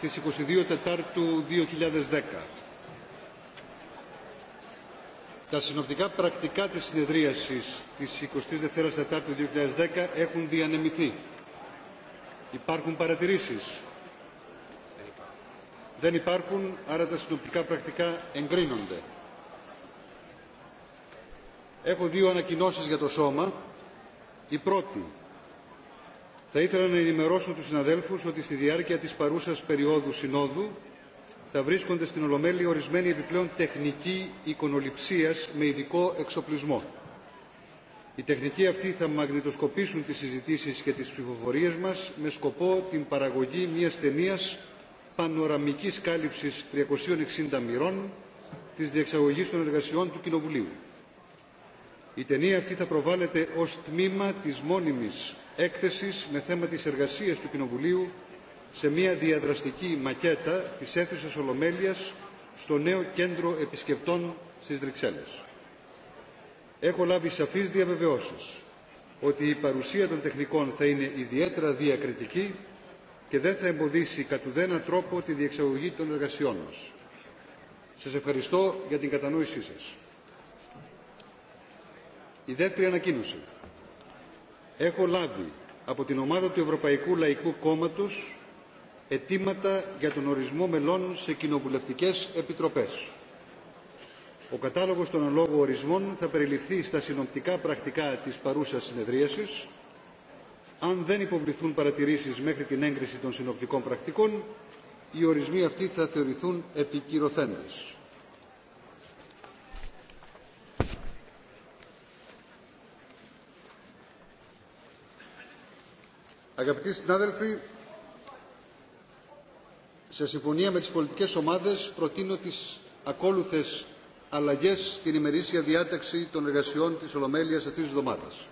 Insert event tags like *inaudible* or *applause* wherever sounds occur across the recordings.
στις 22 Τετάρτου 2010. Τα συνοπτικά πρακτικά της συνεδρίασης της 22 Τετάρτου 2010 έχουν διανεμηθεί. Υπάρχουν παρατηρήσεις. Δεν υπάρχουν, άρα τα συνοπτικά πρακτικά εγκρίνονται. Έχω δύο ανακοινώσεις για το σώμα. Η πρώτη, θα ήθελα να ενημερώσω τους συναδέλφους ότι στη διάρκεια της παρούσας περίοδου συνόδου θα βρίσκονται στην Ολομέλη ορισμένοι επιπλέον τεχνικοί εικονοληψίας με ειδικό εξοπλισμό. Οι τεχνικοί αυτοί θα μαγνητοσκοπήσουν τις συζητήσεις και τις ψηφοφορίες μας με σκοπό την παραγωγή μιας ταινία πανοραμικής κάλυψης 360 μοιρών της διεξαγωγής των εργασιών του Κοινοβουλίου. Η ταινία αυτή θα προβάλλεται ως τμήμα της μόνιμης έκθεσης με θέμα της εργασίας του Κοινοβουλίου σε μια διαδραστική μακέτα της αίθουσας Ολομέλειας στο νέο κέντρο επισκεπτών στις Βρυξέλλες. Έχω λάβει σαφείς διαβεβαιώσεις ότι η παρουσία των τεχνικών θα είναι ιδιαίτερα διακριτική και δεν θα εμποδίσει κατ' ουδένα τρόπο τη διεξαγωγή των εργασιών μας. Σας ευχαριστώ για την κατανόησή σας. Η δεύτερη ανακοίνωση. Έχω λάβει από την ομάδα του Ευρωπαϊκού Λαϊκού Κόμματος αιτήματα για τον ορισμό μελών σε κοινοβουλευτικές επιτροπές. Ο κατάλογος των αλόγων ορισμών θα περιληφθεί στα συνοπτικά πρακτικά της παρούσας συνεδρίασης. Αν δεν υποβληθούν παρατηρήσεις μέχρι την έγκριση των συνοπτικών πρακτικών, οι ορισμοί αυτοί θα θεωρηθούν επικυρωθέντες. Αγαπητοί συνάδελφοι, σε συμφωνία με τις πολιτικές ομάδες προτείνω τις ακόλουθες αλλαγές στην ημερήσια διάταξη των εργασιών της Ολομέλειας αυτής της εβδομάδας.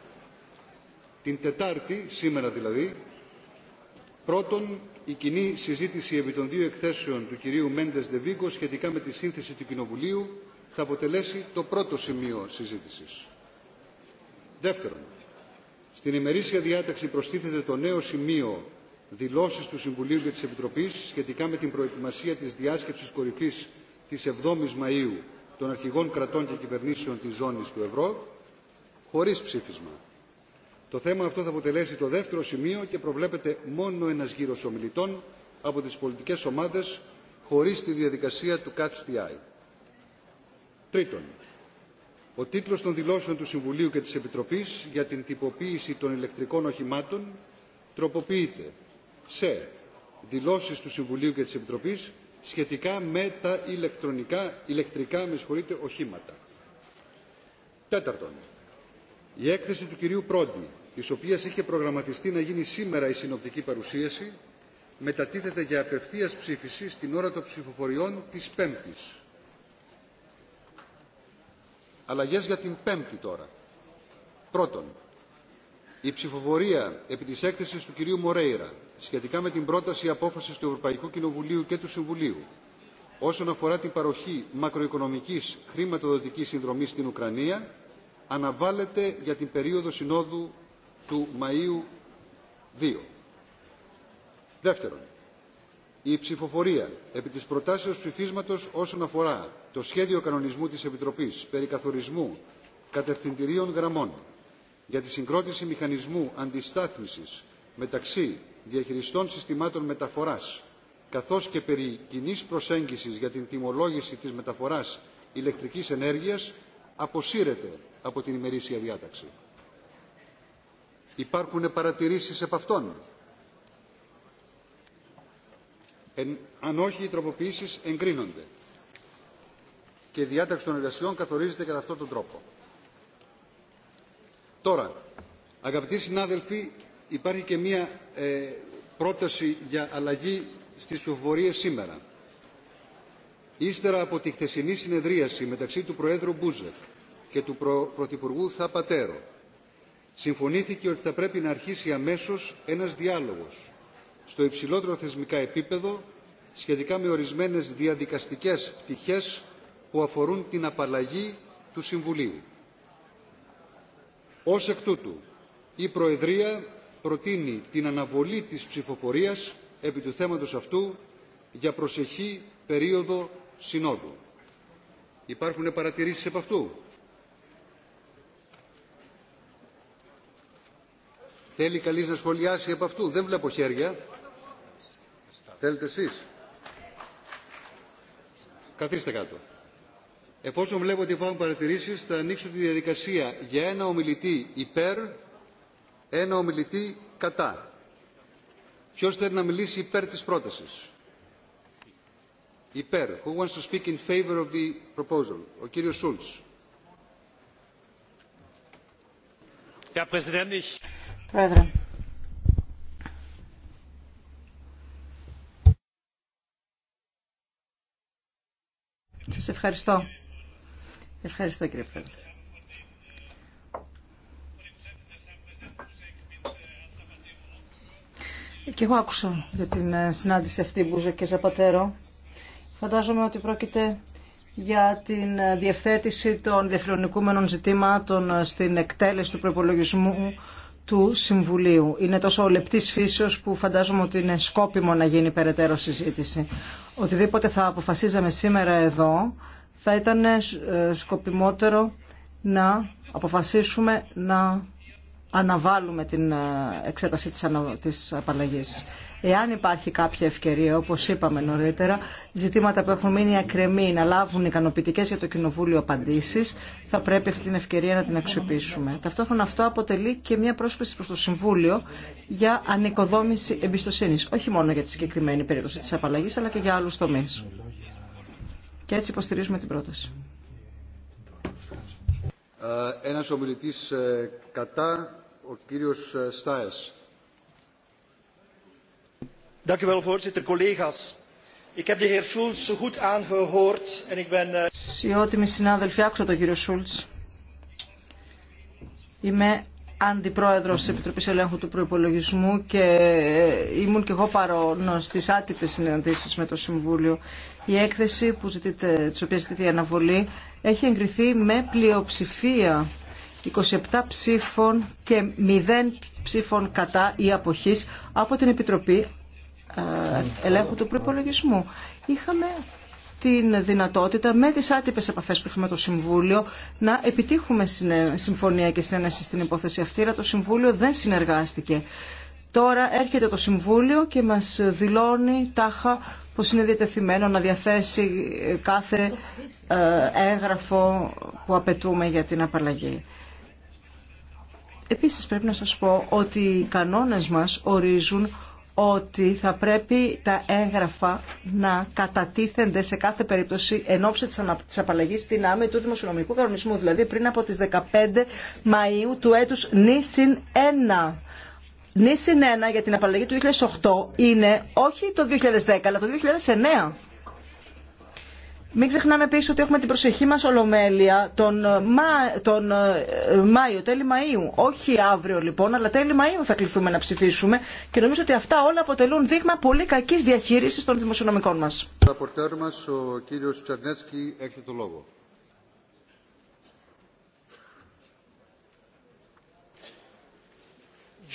Την Τετάρτη, σήμερα δηλαδή, πρώτον η κοινή συζήτηση επί των δύο εκθέσεων του κυρίου Μέντες Δεβίγκο σχετικά με τη σύνθεση του Κοινοβουλίου θα αποτελέσει το πρώτο σημείο συζήτησης. Δεύτερον, στην ημερήσια διάταξη προστίθεται το νέο σημείο δηλώσει του Συμβουλίου και τη Επιτροπή σχετικά με την προετοιμασία της διάσκεψης κορυφής τη 7 η Μαΐου των αρχηγών κρατών και κυβερνήσεων της ζώνης του ευρώ, χωρί ψήφισμα. Το θέμα αυτό θα αποτελέσει το δεύτερο σημείο και προβλέπεται μόνο ένα γύρο ομιλητών από τι πολιτικέ ομάδε χωρί τη διαδικασία του Catch Τρίτον, ο τίτλος των δηλώσεων του Συμβουλίου και της Επιτροπής για την τυποποίηση των ηλεκτρικών οχημάτων τροποποιείται σε δηλώσεις του Συμβουλίου και της Επιτροπής σχετικά με τα ηλεκτρονικά, ηλεκτρικά με οχήματα. Τέταρτον, η έκθεση του κυρίου Πρόντι, της οποία είχε προγραμματιστεί να γίνει σήμερα η συνοπτική παρουσίαση, μετατίθεται για απευθείας ψήφιση στην ώρα των ψηφοφοριών της Πέμπτης. Αλλαγές για την πέμπτη τώρα. Πρώτον, η ψηφοφορία επί της έκθεσης του κυρίου Μορέιρα σχετικά με την πρόταση απόφασης του Ευρωπαϊκού Κοινοβουλίου και του Συμβουλίου όσον αφορά την παροχή μακροοικονομικής χρηματοδοτικής συνδρομής στην Ουκρανία αναβάλλεται για την περίοδο συνόδου του Μαΐου 2. Δεύτερον, η ψηφοφορία επί της προτάσεως ψηφίσματος όσον αφορά το σχέδιο κανονισμού της Επιτροπής περί καθορισμού κατευθυντηρίων γραμμών για τη συγκρότηση μηχανισμού αντιστάθμισης μεταξύ διαχειριστών συστημάτων μεταφοράς καθώς και περί κοινή προσέγγισης για την τιμολόγηση της μεταφοράς ηλεκτρικής ενέργειας αποσύρεται από την ημερήσια διάταξη. Υπάρχουν παρατηρήσεις επ' αυτών αν όχι οι τροποποιήσεις εγκρίνονται και η διάταξη των εργασιών καθορίζεται κατά αυτόν τον τρόπο. Τώρα, αγαπητοί συνάδελφοι, υπάρχει και μία ε, πρόταση για αλλαγή στις ψηφοφορίες σήμερα. Ύστερα από τη χθεσινή συνεδρίαση μεταξύ του Προέδρου Μπούζεκ και του Προ... Πρωθυπουργού Θαπατέρο, συμφωνήθηκε ότι θα πρέπει να αρχίσει αμέσως ένας διάλογος στο υψηλότερο θεσμικά επίπεδο σχετικά με ορισμένες διαδικαστικές πτυχές που αφορούν την απαλλαγή του Συμβουλίου. Ως εκ τούτου, η Προεδρία προτείνει την αναβολή της ψηφοφορίας επί του θέματος αυτού για προσεχή περίοδο συνόδου. Υπάρχουν παρατηρήσεις επ' αυτού. Θέλει καλής να σχολιάσει επ' αυτού. Δεν βλέπω χέρια. Θέλετε εσείς. Καθίστε κάτω. Εφόσον βλέπω ότι υπάρχουν παρατηρήσεις, θα ανοίξω τη διαδικασία για ένα ομιλητή υπέρ, ένα ομιλητή κατά. Ποιος θέλει να μιλήσει υπέρ της πρότασης. Υπέρ. Who wants to speak in favor of the proposal. Ο κύριος Σούλτς. Πρόεδρε, Σας ευχαριστώ. Ευχαριστώ κύριε Πρόεδρε. Και εγώ άκουσα για την ε, συνάντηση αυτή Μπούζα και Ζαπατέρο. Φαντάζομαι ότι πρόκειται για την ε, διευθέτηση των διαφιλονικούμενων ζητήματων ε, στην εκτέλεση του προπολογισμού του Συμβουλίου. Είναι τόσο λεπτής φύσεως που φαντάζομαι ότι είναι σκόπιμο να γίνει περαιτέρω συζήτηση. Οτιδήποτε θα αποφασίζαμε σήμερα εδώ θα ήταν ε, σκοπιμότερο να αποφασίσουμε να αναβάλουμε την ε, εξέταση της απαλλαγής. Εάν υπάρχει κάποια ευκαιρία, όπω είπαμε νωρίτερα, ζητήματα που έχουν μείνει ακρεμοί να λάβουν ικανοποιητικέ για το Κοινοβούλιο απαντήσει, θα πρέπει αυτή την ευκαιρία να την αξιοποιήσουμε. Ταυτόχρονα αυτό αποτελεί και μια πρόσκληση προ το Συμβούλιο για ανοικοδόμηση εμπιστοσύνη, όχι μόνο για τη συγκεκριμένη περίπτωση τη απαλλαγή, αλλά και για άλλου τομείς. Και έτσι υποστηρίζουμε την πρόταση. Ε, ένας ομιλητής ε, κατά, ο κύριος ε, voorzitter collega's ik heb de heer schulz goed aangehoord en ik ben. Eh, συνάδελφοι, άκουσα τον κύριο Σούλτ. Είμαι αντιπρόεδρο τη Επιτροπή Ελέγχου του Προπολογισμού και ε, ήμουν και εγώ παρόν στι άτυπε συναντήσει με το Συμβούλιο. Η έκθεση που ζητείτε, τη οποία ζητείτε η αναβολή, έχει εγκριθεί με πλειοψηφία 27 ψήφων και 0 ψήφων κατά ή αποχής από την Επιτροπή ελέγχου του προπολογισμού. Είχαμε την δυνατότητα με τις άτυπες επαφές που είχαμε το Συμβούλιο να επιτύχουμε συμφωνία και συνένεση στην υπόθεση αυτή, αλλά το Συμβούλιο δεν συνεργάστηκε. Τώρα έρχεται το Συμβούλιο και μας δηλώνει τάχα πως είναι διατεθειμένο να διαθέσει κάθε ε, έγγραφο που απαιτούμε για την απαλλαγή. Επίσης πρέπει να σας πω ότι οι κανόνες μας ορίζουν ότι θα πρέπει τα έγγραφα να κατατίθενται σε κάθε περίπτωση εν ώψη της απαλλαγής στην άμεση του δημοσιονομικού κανονισμού, δηλαδή πριν από τις 15 Μαΐου του έτους νήσιν 1. Νήσιν 1 για την απαλλαγή του 2008 είναι όχι το 2010 αλλά το 2009. Μην ξεχνάμε επίση ότι έχουμε την προσεχή μας ολομέλεια τον, ε, Μα... τον ε, Μάιο, τέλη Μαΐου. Όχι αύριο λοιπόν, αλλά τέλη Μαΐου θα κληθούμε να ψηφίσουμε και νομίζω ότι αυτά όλα αποτελούν δείγμα πολύ κακής διαχείρισης των δημοσιονομικών μας. Ο μας, ο κύριος Τσαρνέτσκι, έχετε το λόγο.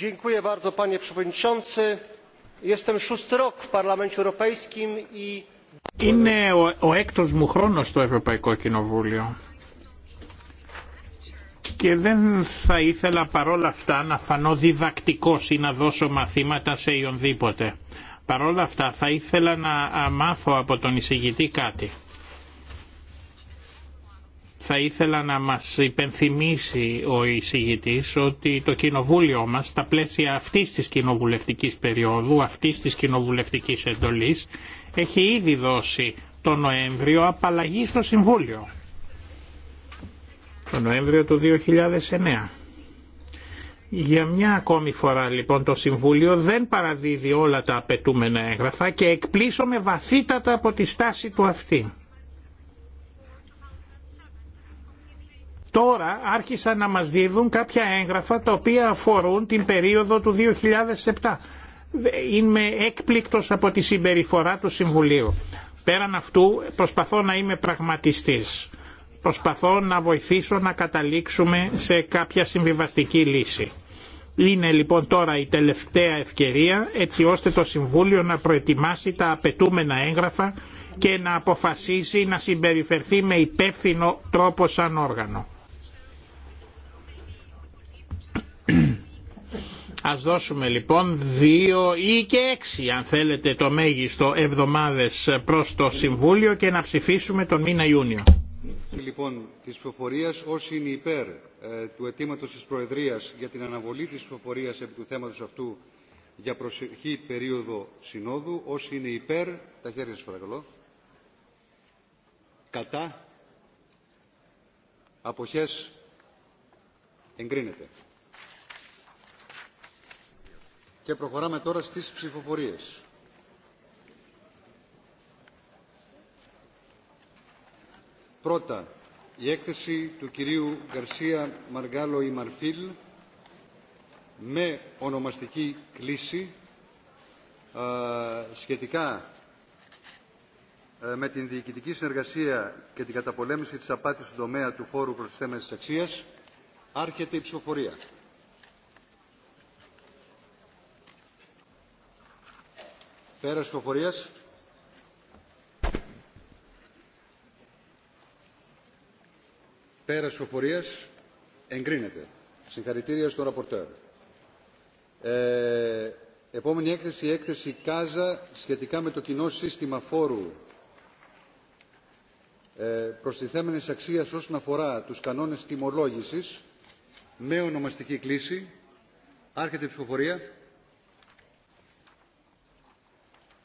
Dziękuję bardzo panie przewodniczący. Jestem szósty rok w Parlamencie Europejskim i είναι ο, έκτος μου χρόνος στο Ευρωπαϊκό Κοινοβούλιο και δεν θα ήθελα παρόλα αυτά να φανώ διδακτικός ή να δώσω μαθήματα σε ιονδήποτε. Παρόλα αυτά θα ήθελα να μάθω από τον εισηγητή κάτι. Θα ήθελα να μας υπενθυμίσει ο εισηγητής ότι το κοινοβούλιο μας στα πλαίσια αυτής της κοινοβουλευτικής περίοδου, αυτής της κοινοβουλευτικής εντολής έχει ήδη δώσει το Νοέμβριο απαλλαγή στο Συμβούλιο. Το Νοέμβριο του 2009. Για μια ακόμη φορά λοιπόν το Συμβούλιο δεν παραδίδει όλα τα απαιτούμενα έγγραφα και εκπλήσωμε βαθύτατα από τη στάση του αυτή. Τώρα άρχισαν να μας δίδουν κάποια έγγραφα τα οποία αφορούν την περίοδο του 2007 είμαι έκπληκτος από τη συμπεριφορά του Συμβουλίου. Πέραν αυτού προσπαθώ να είμαι πραγματιστής. Προσπαθώ να βοηθήσω να καταλήξουμε σε κάποια συμβιβαστική λύση. Είναι λοιπόν τώρα η τελευταία ευκαιρία έτσι ώστε το Συμβούλιο να προετοιμάσει τα απαιτούμενα έγγραφα και να αποφασίσει να συμπεριφερθεί με υπεύθυνο τρόπο σαν όργανο. Ας δώσουμε λοιπόν δύο ή και έξι αν θέλετε το μέγιστο εβδομάδες προς το Συμβούλιο και να ψηφίσουμε τον μήνα Ιούνιο. Λοιπόν, της ψηφοφορίας όσοι είναι υπέρ ε, του αιτήματος της Προεδρίας για την αναβολή της ψηφοφορίας επί του θέματος αυτού για προσεχή περίοδο συνόδου, όσοι είναι υπέρ, τα χέρια σας παρακαλώ, κατά, αποχές, εγκρίνεται και προχωράμε τώρα στις ψηφοφορίες. Πρώτα, η έκθεση του κυρίου Γκαρσία Μαργάλο Ιμαρφίλ με ονομαστική κλίση ε, σχετικά ε, με την διοικητική συνεργασία και την καταπολέμηση της απάτης στον τομέα του φόρου προστιθέμενης αξίας άρχεται η ψηφοφορία. Πέρας ψηφοφορίας. Πέρας ψηφοφορίας. Εγκρίνεται. Συγχαρητήρια στον ραπορτέρ. Ε, επόμενη έκθεση, έκθεση ΚΑΖΑ σχετικά με το κοινό σύστημα φόρου ε, προστιθέμενης αξίας όσον αφορά τους κανόνες τιμολόγησης με ονομαστική κλίση. Άρχεται η ψηφοφορία.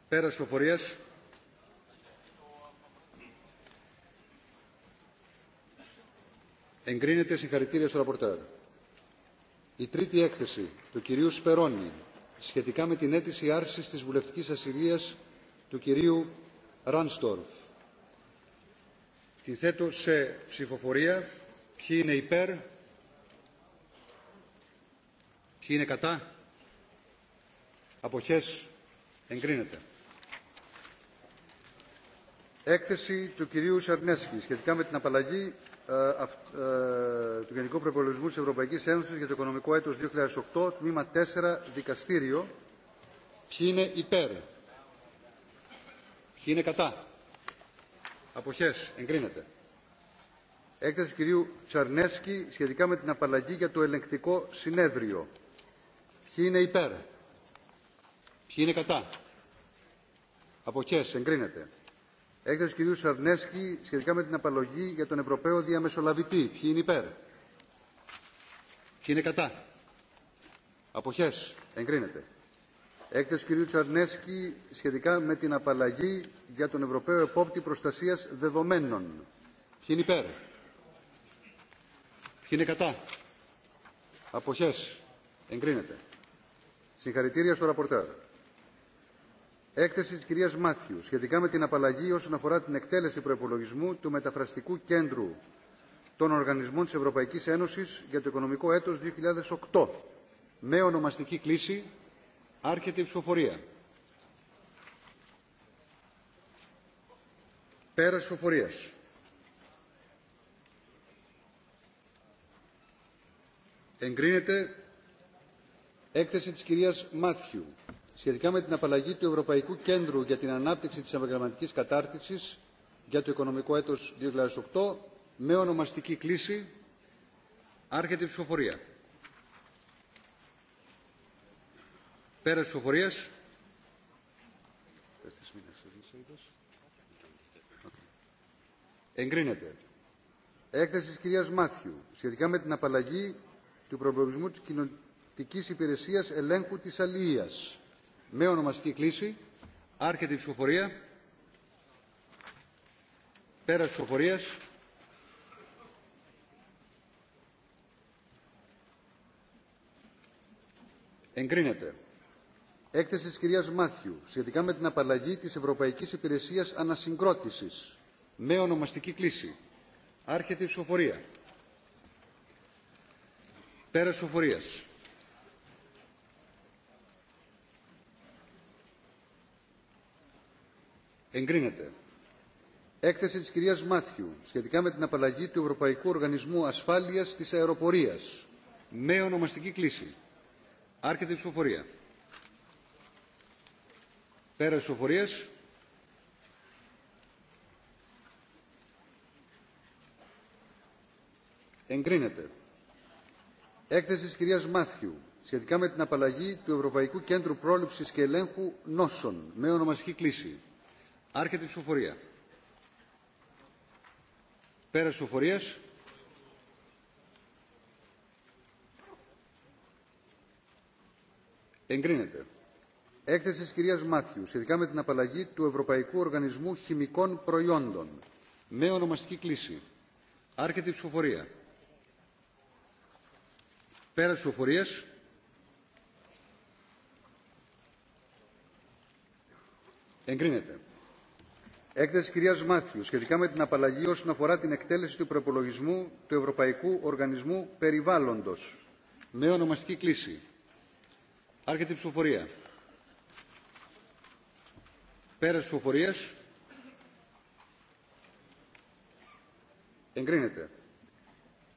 Πέρας ψηφοφορίας. Εγκρίνεται συγχαρητήρια στο ραπορτέρ. Η τρίτη έκθεση του κυρίου Σπερώνη σχετικά με την αίτηση άρσης της βουλευτικής ασυλίας του κυρίου Ράνστορφ. Την θέτω σε ψηφοφορία. Ποιοι είναι υπέρ, ποιοι είναι κατά, αποχές εγκρίνεται. Έκθεση του κυρίου Σαρνέσκη σχετικά με την απαλλαγή ε, ε, του Γενικού Προπολογισμού τη ευρωπαϊκή Ένωση για το οικονομικό έτος 2008, τμήμα 4, δικαστήριο. Ποιοι είναι υπέρ. Ποιοι είναι κατά. Αποχές. Εγκρίνεται. Έκθεση του κυρίου Τσαρνέσκη σχετικά με την απαλλαγή για το ελεγκτικό συνέδριο. Ποιοι είναι υπέρ. Ποιοι είναι κατά. Αποχές. Εγκρίνεται. Έκθεση κυρίου Σαρνέσκη σχετικά με την απαλλαγή για τον Ευρωπαίο Διαμεσολαβητή. Ποιοι είναι υπέρ. Ποιοι είναι κατά. Αποχές. Εγκρίνεται. Έκθεση κύριου κ. σχετικά με την απαλλαγή για τον Ευρωπαίο Επόπτη Προστασίας Δεδομένων. Ποιοι είναι υπέρ. Ποιοι είναι κατά. Αποχές. Εγκρίνεται. Συγχαρητήρια στο ραπορτέρ. Έκθεση τη κυρία Μάθιου σχετικά με την απαλλαγή όσον αφορά την εκτέλεση προπολογισμού του Μεταφραστικού Κέντρου των Οργανισμών τη Ευρωπαϊκή Ένωση για το οικονομικό έτος 2008. Με ονομαστική κλίση άρχεται η ψηφοφορία. Πέρας ψηφοφορία. Εγκρίνεται έκθεση της κυρίας Μάθιου σχετικά με την απαλλαγή του Ευρωπαϊκού Κέντρου για την Ανάπτυξη της Επαγγελματικής Κατάρτισης για το οικονομικό έτος 2008 με ονομαστική κλίση άρχεται η ψηφοφορία. Πέρα ψηφοφορίας. Εγκρίνεται. Έκθεση της κυρίας Μάθιου σχετικά με την απαλλαγή του προπολογισμού της κοινωνικής υπηρεσίας ελέγχου της αλληλείας με ονομαστική κλίση. Άρχεται η ψηφοφορία. Πέρα ψηφοφορία. Εγκρίνεται. Έκθεση τη κυρίας Μάθιου σχετικά με την απαλλαγή της Ευρωπαϊκής Υπηρεσίας Ανασυγκρότησης με ονομαστική κλίση. Άρχεται η ψηφοφορία. Πέρα ψηφοφορίας. Εγκρίνεται. Έκθεση της κυρίας Μάθιου σχετικά με την απαλλαγή του Ευρωπαϊκού Οργανισμού Ασφάλειας της Αεροπορίας με ονομαστική κλίση. Άρχεται η ψηφοφορία. Πέρα της ψηφοφορίας. Εγκρίνεται. Έκθεση της κυρίας Μάθιου σχετικά με την απαλλαγή του Ευρωπαϊκού Κέντρου Πρόληψης και Ελέγχου Νόσων με ονομαστική κλίση. Άρχεται η ψηφοφορία. Πέρα ψηφοφορίας. Εγκρίνεται. Έκθεση τη κυρίας Μάθιου σχετικά με την απαλλαγή του Ευρωπαϊκού Οργανισμού Χημικών Προϊόντων με ονομαστική κλίση. Άρχεται η ψηφοφορία. Πέρα ψηφοφορίας. Εγκρίνεται. Έκθεση κυρία Μάθιου σχετικά με την απαλλαγή όσον αφορά την εκτέλεση του προπολογισμού του Ευρωπαϊκού Οργανισμού Περιβάλλοντο. Με ονομαστική κλίση. Άρχεται η ψηφοφορία. Πέρα ψηφοφορία. Εγκρίνεται.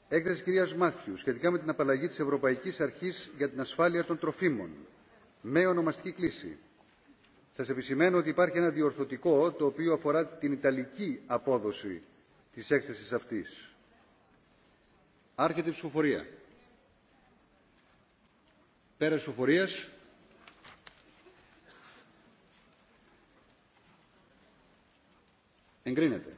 Έκθεση κυρία Μάθιου σχετικά με την απαλλαγή τη Ευρωπαϊκή Αρχή για την Ασφάλεια των Τροφίμων. Με ονομαστική κλίση. Σας επισημαίνω ότι υπάρχει ένα διορθωτικό το οποίο αφορά την ιταλική απόδοση της έκθεσης αυτής. Άρχεται η ψηφοφορία. Πέρα ψηφοφορίας. Εγκρίνεται.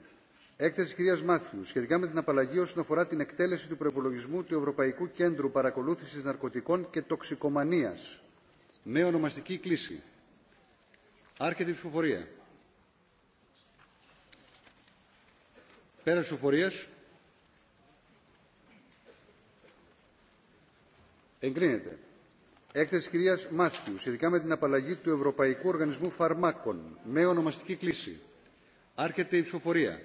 Έκθεση τη κυρία Μάθιου σχετικά με την απαλλαγή όσον αφορά την εκτέλεση του προπολογισμού του Ευρωπαϊκού Κέντρου Παρακολούθησης Ναρκωτικών και Τοξικομανίας με ονομαστική κλίση. Άρχεται η ψηφοφορία. Πέρα ψηφοφορίας. Εγκρίνεται. Έκθεση κυρίας Μάθιου σχετικά με την απαλλαγή του Ευρωπαϊκού Οργανισμού Φαρμάκων με ονομαστική κλίση. Άρχεται η ψηφοφορία.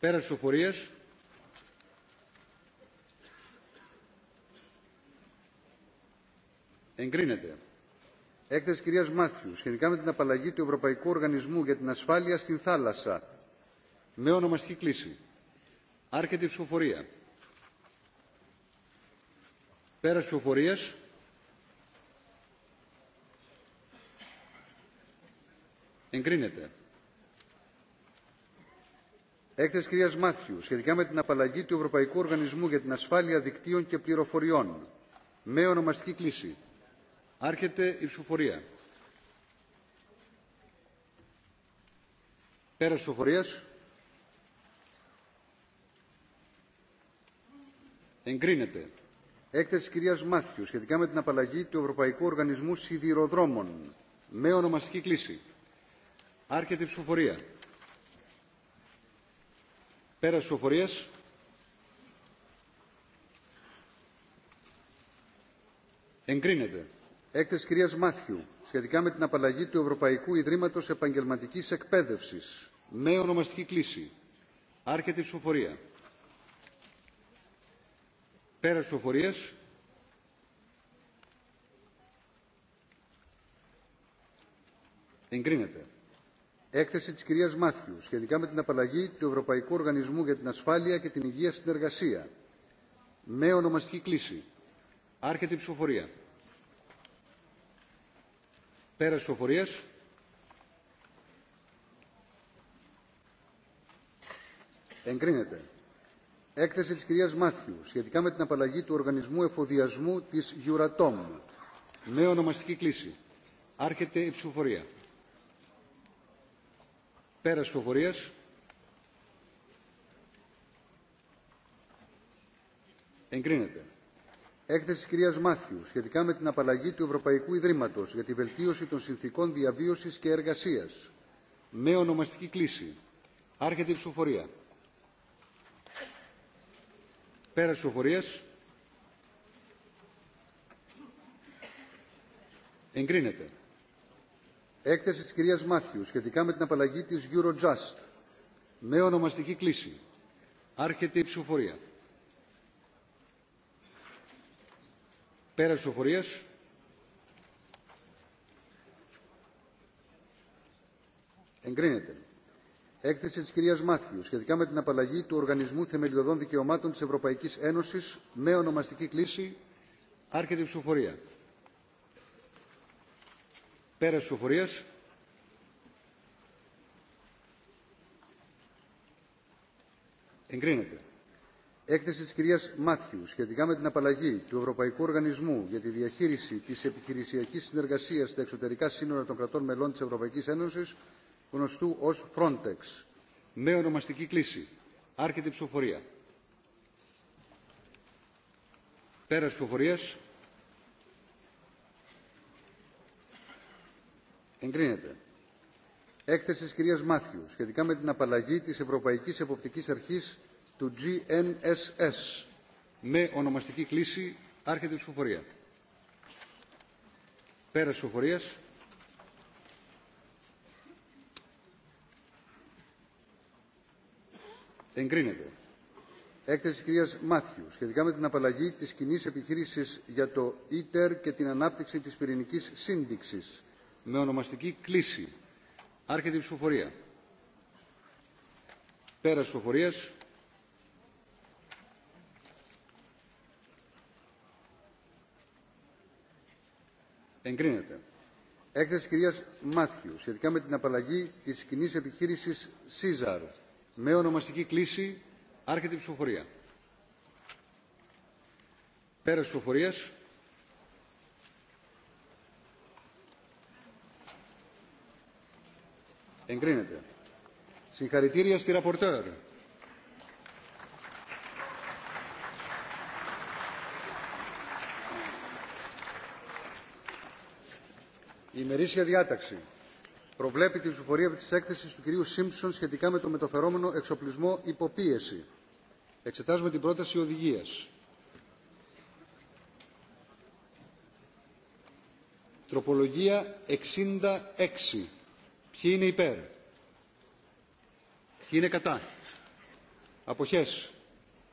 Πέρα ψηφοφορίας. Εγκρίνεται. Έκθεση κυρία Μάθιου σχετικά με την απαλλαγή του Ευρωπαϊκού Οργανισμού για την Ασφάλεια στην Θάλασσα. Με ονομαστική κλίση. Άρχεται η ψηφοφορία. Πέρα ψηφοφορία. Εγκρίνεται. Έκθεση κυρία Μάθιου σχετικά με την απαλλαγή του Ευρωπαϊκού Οργανισμού για την Ασφάλεια Δικτύων και Πληροφοριών. Με ονομαστική κλίση. Άρχεται η ψηφοφορία. Πέρας ψηφοφορίας. Εγκρίνεται. Έκθεση κυρίας Μάθιου σχετικά με την απαλλαγή του Ευρωπαϊκού Οργανισμού Σιδηροδρόμων με ονομαστική κλίση. Άρχεται η ψηφοφορία. Πέρας ψηφοφορίας. Εγκρίνεται. Έκθεση κυρίας Μάθιου σχετικά με την απαλλαγή του Ευρωπαϊκού Ιδρύματος Επαγγελματικής Εκπαίδευσης με ονομαστική κλίση. Άρχεται η ψηφοφορία. Πέρα ψηφοφορίας. Εγκρίνεται. Έκθεση της κυρίας Μάθιου σχετικά με την απαλλαγή του Ευρωπαϊκού Οργανισμού για την Ασφάλεια και την Υγεία στην Εργασία. Με ονομαστική κλίση. Άρχεται η ψηφοφορία. Πέρας Εγκρίνεται. Έκθεση της κυρίας Μάθιου σχετικά με την απαλλαγή του Οργανισμού Εφοδιασμού της Euratom. Με ονομαστική κλίση. Άρχεται η ψηφοφορία. Πέρας ψηφοφορίας. Εγκρίνεται. Έκθεση τη κυρία Μάθιου σχετικά με την απαλλαγή του Ευρωπαϊκού Ιδρύματο για τη βελτίωση των συνθήκων διαβίωση και εργασία. Με ονομαστική κλίση. Άρχεται η ψηφοφορία. Πέρα ψηφοφορία. Εγκρίνεται. Έκθεση τη κυρία Μάθιου σχετικά με την απαλλαγή τη Eurojust. Με ονομαστική κλίση. Άρχεται η ψηφοφορία. Πέρα της Εγκρίνεται. Έκθεση της κυρίας Μάθιου σχετικά με την απαλλαγή του Οργανισμού Θεμελιωδών Δικαιωμάτων της Ευρωπαϊκής Ένωσης με ονομαστική κλίση άρχεται η ψηφοφορία. Πέρα Εγκρίνεται. Έκθεση της κυρίας Μάθιου σχετικά με την απαλλαγή του Ευρωπαϊκού Οργανισμού για τη διαχείριση της επιχειρησιακής συνεργασίας στα εξωτερικά σύνορα των κρατών μελών της Ευρωπαϊκής Ένωσης, γνωστού ως Frontex. Με ονομαστική κλίση. Άρχεται η ψηφοφορία. Πέρας ψηφοφορίας. Εγκρίνεται. Έκθεση της κυρίας Μάθιου σχετικά με την απαλλαγή της Ευρωπαϊκής Εποπτικής Αρχής του GNSS με ονομαστική κλίση άρχεται η ψηφοφορία. Πέρας ψηφοφορίας. Εγκρίνεται. Έκθεση κυρία Μάθιου σχετικά με την απαλλαγή της κοινή επιχείρηση για το ΙΤΕΡ και την ανάπτυξη της πυρηνική σύνδεξη με ονομαστική κλίση. Άρχεται η ψηφοφορία. Πέρας ψηφοφορία. Εγκρίνεται. Έκθεση κυρία Μάθιου σχετικά με την απαλλαγή της κοινή επιχείρηση ΣΥΖΑΡ με ονομαστική κλίση άρχεται η ψηφοφορία. Πέρα ψηφοφορία. Εγκρίνεται. Συγχαρητήρια στη ραπορτέρ. Η ημερήσια διάταξη προβλέπει την ψηφορία της έκθεσης του κυρίου Σίμψον σχετικά με το μεταφερόμενο εξοπλισμό υποπίεση. Εξετάζουμε την πρόταση οδηγία. Τροπολογία 66. Ποιοι είναι υπέρ. Ποιοι είναι κατά. Αποχές.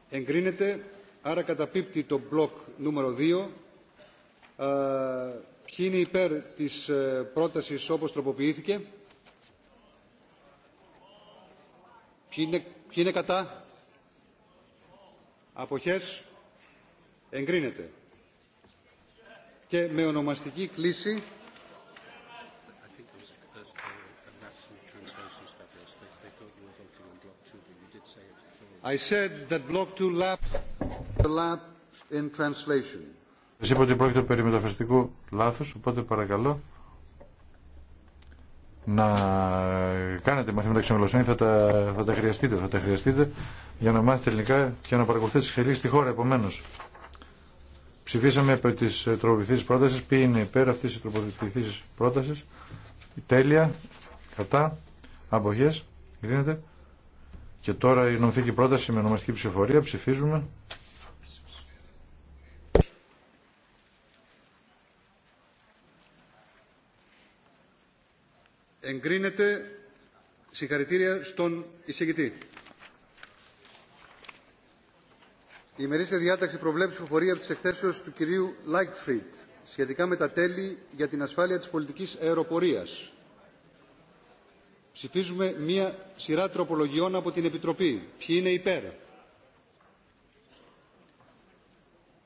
Εγκρίνεται, άρα καταπίπτει το μπλοκ νούμερο 2 Ποιοι είναι υπέρ της ε, πρότασης όπως τροποποιήθηκε. Ποιοι είναι, ποιοι κατά. Αποχές. Εγκρίνεται. Και με ονομαστική κλίση I said that block two lap, lap in translation. Σα είπα ότι πρόκειται περί μεταφραστικού λάθου, οπότε παρακαλώ να κάνετε μαθήματα ξενογλωσσών θα τα, θα τα χρειαστείτε, θα τα χρειαστείτε για να μάθετε ελληνικά και να παρακολουθείτε τι στη χώρα επομένω. Ψηφίσαμε από τι ε, τροποποιηθήσεις πρόταση, ποιοι είναι υπέρ αυτή τη τροποποιηθήσεις πρόταση, τέλεια, κατά, αποχέ, γίνεται Και τώρα η νομοθετική πρόταση με ονομαστική ψηφοφορία ψηφίζουμε. εγκρίνεται συγχαρητήρια στον εισηγητή. Η ημερήσια διάταξη προβλέπει από τη εκθέσεω του κυρίου Λάικτφριντ σχετικά με τα τέλη για την ασφάλεια τη πολιτική αεροπορία. Ψηφίζουμε μία σειρά τροπολογιών από την Επιτροπή. Ποιοι είναι υπέρ.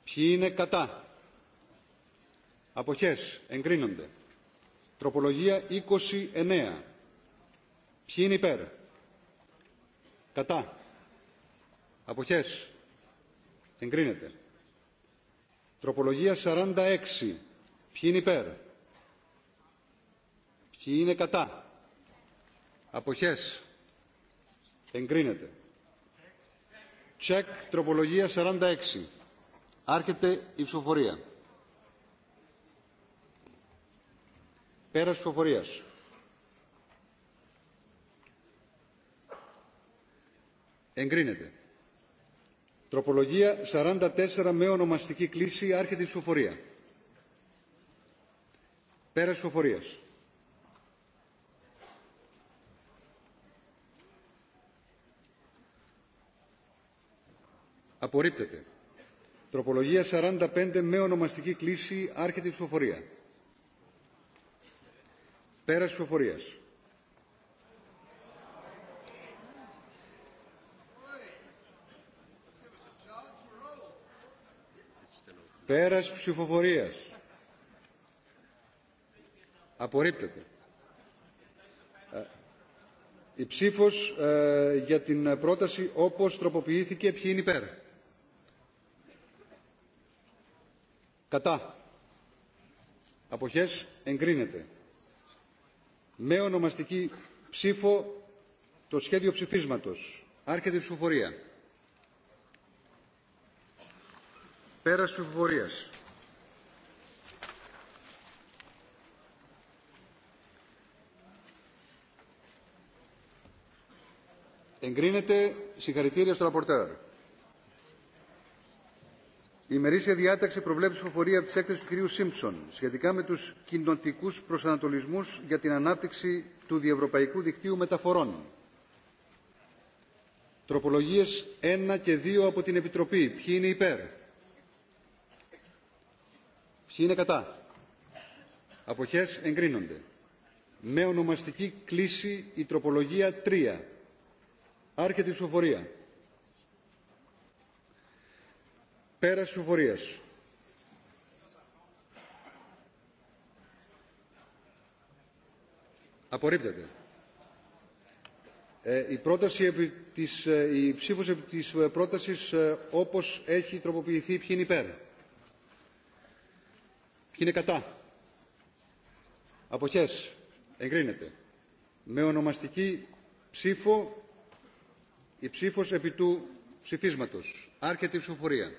Ποιοι είναι κατά. Αποχές. Εγκρίνονται. Τροπολογία 29. Ποιοι είναι υπέρ. Κατά. Αποχές. Εγκρίνεται. Τροπολογία 46. Ποιοι είναι υπέρ. Ποιοι είναι κατά. Αποχές. Εγκρίνεται. Τσεκ τροπολογία 46. Άρχεται η ψηφοφορία. Πέρας Εγκρίνεται. Τροπολογία 44 με ονομαστική κλίση άρχεται η ψηφοφορία. Πέρας ψηφοφορίας. Απορρίπτεται. Τροπολογία 45 με ονομαστική κλίση άρχεται η ψηφοφορία. Πέρας ψηφοφορίας. Πέρας ψηφοφορία. Απορρίπτεται. Ε, η ψήφος ε, για την πρόταση όπως τροποποιήθηκε, ποιοι είναι υπέρ. Κατά. Αποχές εγκρίνεται με ονομαστική ψήφο το σχέδιο ψηφίσματος. Άρχεται η ψηφοφορία. Πέρας ψηφοφορίας. Εγκρίνεται συγχαρητήρια στο ραπορτέρ. Η ημερήσια διάταξη προβλέπει ψηφοφορία τη έκθεση του κ. Σίμψον σχετικά με του κοινοτικού προσανατολισμού για την ανάπτυξη του διευρωπαϊκού δικτύου μεταφορών. Τροπολογίε 1 και 2 από την Επιτροπή. Ποιοι είναι υπέρ. Ποιοι είναι κατά. Αποχές εγκρίνονται. Με ονομαστική κλίση η τροπολογία 3. Άρχεται ψηφοφορία. Πέρας ψηφοφορίας. Απορρίπτεται. Ε, η, πρόταση επί της, ε, η ψήφος της ε, πρότασης όπως έχει τροποποιηθεί ποιοι είναι υπέρ. Ποιοι είναι κατά. Αποχές. Εγκρίνεται. Με ονομαστική ψήφο η ψήφος επί του ψηφίσματος. Άρχεται η ψηφοφορία.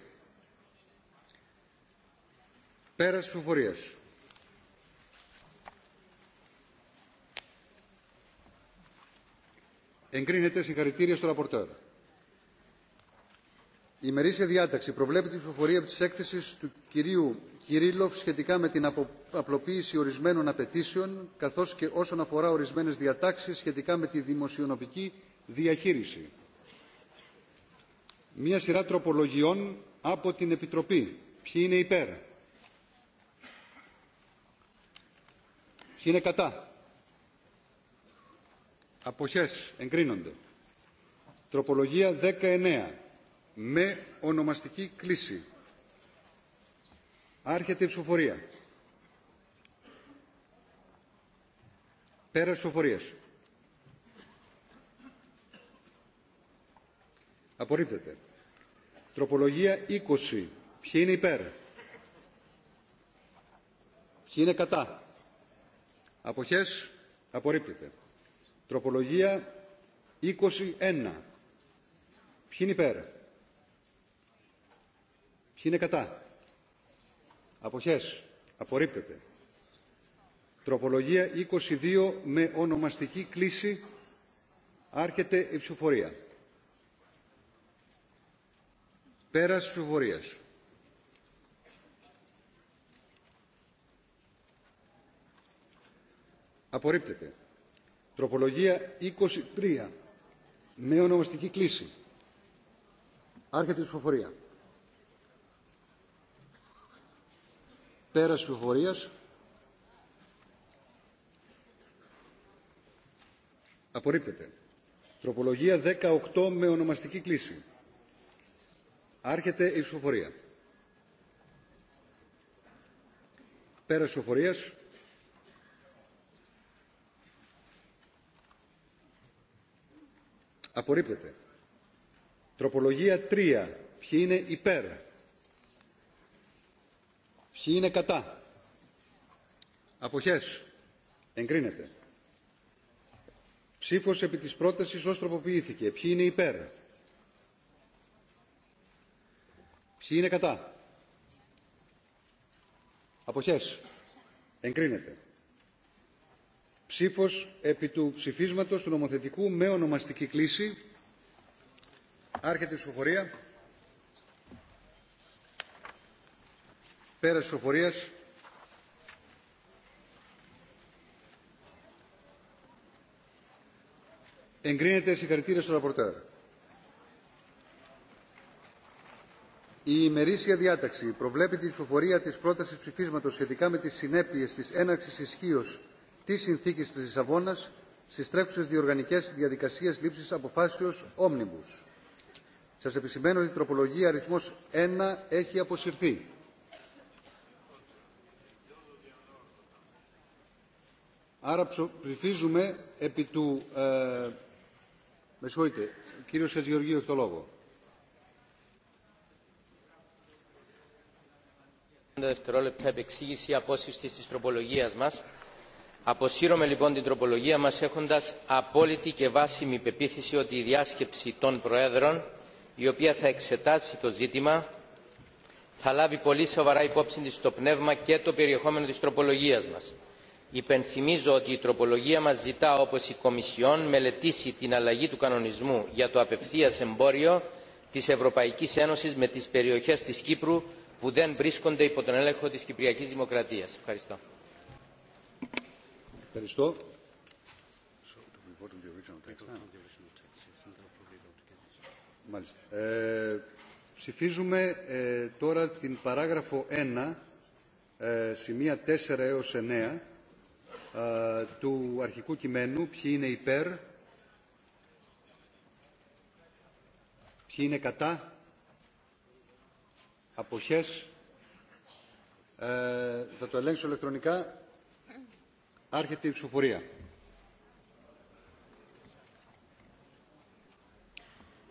Πέρας ψηφοφορίας. Εγκρίνεται συγχαρητήρια στο ραπορτέρ. Η ημερήσια διάταξη προβλέπει την ψηφοφορία της έκθεσης του κυρίου Κυρίλοφ σχετικά με την απλοποίηση ορισμένων απαιτήσεων καθώς και όσον αφορά ορισμένες διατάξεις σχετικά με τη δημοσιονομική διαχείριση. Μία σειρά τροπολογιών από την Επιτροπή. Ποιοι είναι υπέρ. Ποιοι είναι κατά. Αποχές. Εγκρίνονται. Τροπολογία 19. Με ονομαστική κλίση. Άρχεται η ψηφοφορία. Πέρα ψηφοφορίας. Απορρίπτεται. Τροπολογία 20. Ποιοι είναι υπέρ. Ποιοι είναι κατά. Αποχές. Απορρίπτεται. Τροπολογία 21. Ποιοι είναι υπέρ. Ποιοι είναι κατά. Αποχές. Απορρίπτεται. Τροπολογία 22 με ονομαστική κλίση. Άρχεται η ψηφοφορία. Πέρας ψηφοφορίας. Απορρίπτεται. Τροπολογία 23. Με ονομαστική κλίση. Άρχεται η ψηφοφορία. Πέρας ψηφοφορίας. Απορρίπτεται. Τροπολογία 18 με ονομαστική κλίση. Άρχεται η ψηφοφορία. Πέρας ψηφοφορίας. Απορρίπτεται. Τροπολογία 3. Ποιοι είναι υπέρ. Ποιοι είναι κατά. Αποχές. Εγκρίνεται. Ψήφος επί της πρότασης ως τροποποιήθηκε. Ποιοι είναι υπέρ. Ποιοι είναι κατά. Αποχές. Εγκρίνεται ψήφος επί του ψηφίσματος του νομοθετικού με ονομαστική κλίση. Άρχεται η ψηφοφορία. της ψηφοφορίας. Εγκρίνεται συγχαρητήρια στον ραπορτέρ. Η ημερήσια διάταξη προβλέπει τη ψηφοφορία της πρότασης ψηφίσματος σχετικά με τις συνέπειες της έναρξης ισχύω τη συνθήκη τη Λισαβόνα στι τρέχουσε διοργανικέ διαδικασίε λήψη αποφάσεω Omnibus. Σα επισημαίνω ότι η τροπολογία αριθμό 1 έχει αποσυρθεί. Άρα ψηφίζουμε επί του. Ε, με συγχωρείτε, ο κύριος έχει το λόγο. δευτερόλεπτα επεξήγηση απόσυρση της τροπολογίας μας. Αποσύρωμε λοιπόν την τροπολογία μας έχοντας απόλυτη και βάσιμη πεποίθηση ότι η διάσκεψη των Προέδρων, η οποία θα εξετάσει το ζήτημα, θα λάβει πολύ σοβαρά υπόψη της το πνεύμα και το περιεχόμενο της τροπολογίας μας. Υπενθυμίζω ότι η τροπολογία μας ζητά, όπως η Κομισιόν, μελετήσει την αλλαγή του κανονισμού για το απευθείας εμπόριο της Ευρωπαϊκής Ένωσης με τις περιοχές της Κύπρου που δεν βρίσκονται υπό τον έλεγχο της Κυπριακής Δημοκρατίας. Ευχαριστώ. Ευχαριστώ. Μάλιστα. Ε, ψηφίζουμε ε, τώρα την παράγραφο 1, ε, σημεία 4 έως 9 ε, του αρχικού κειμένου. Ποιοι είναι υπέρ, ποιοι είναι κατά, αποχές. Ε, θα το ελέγξω ηλεκτρονικά. Άρχεται η ψηφοφορία.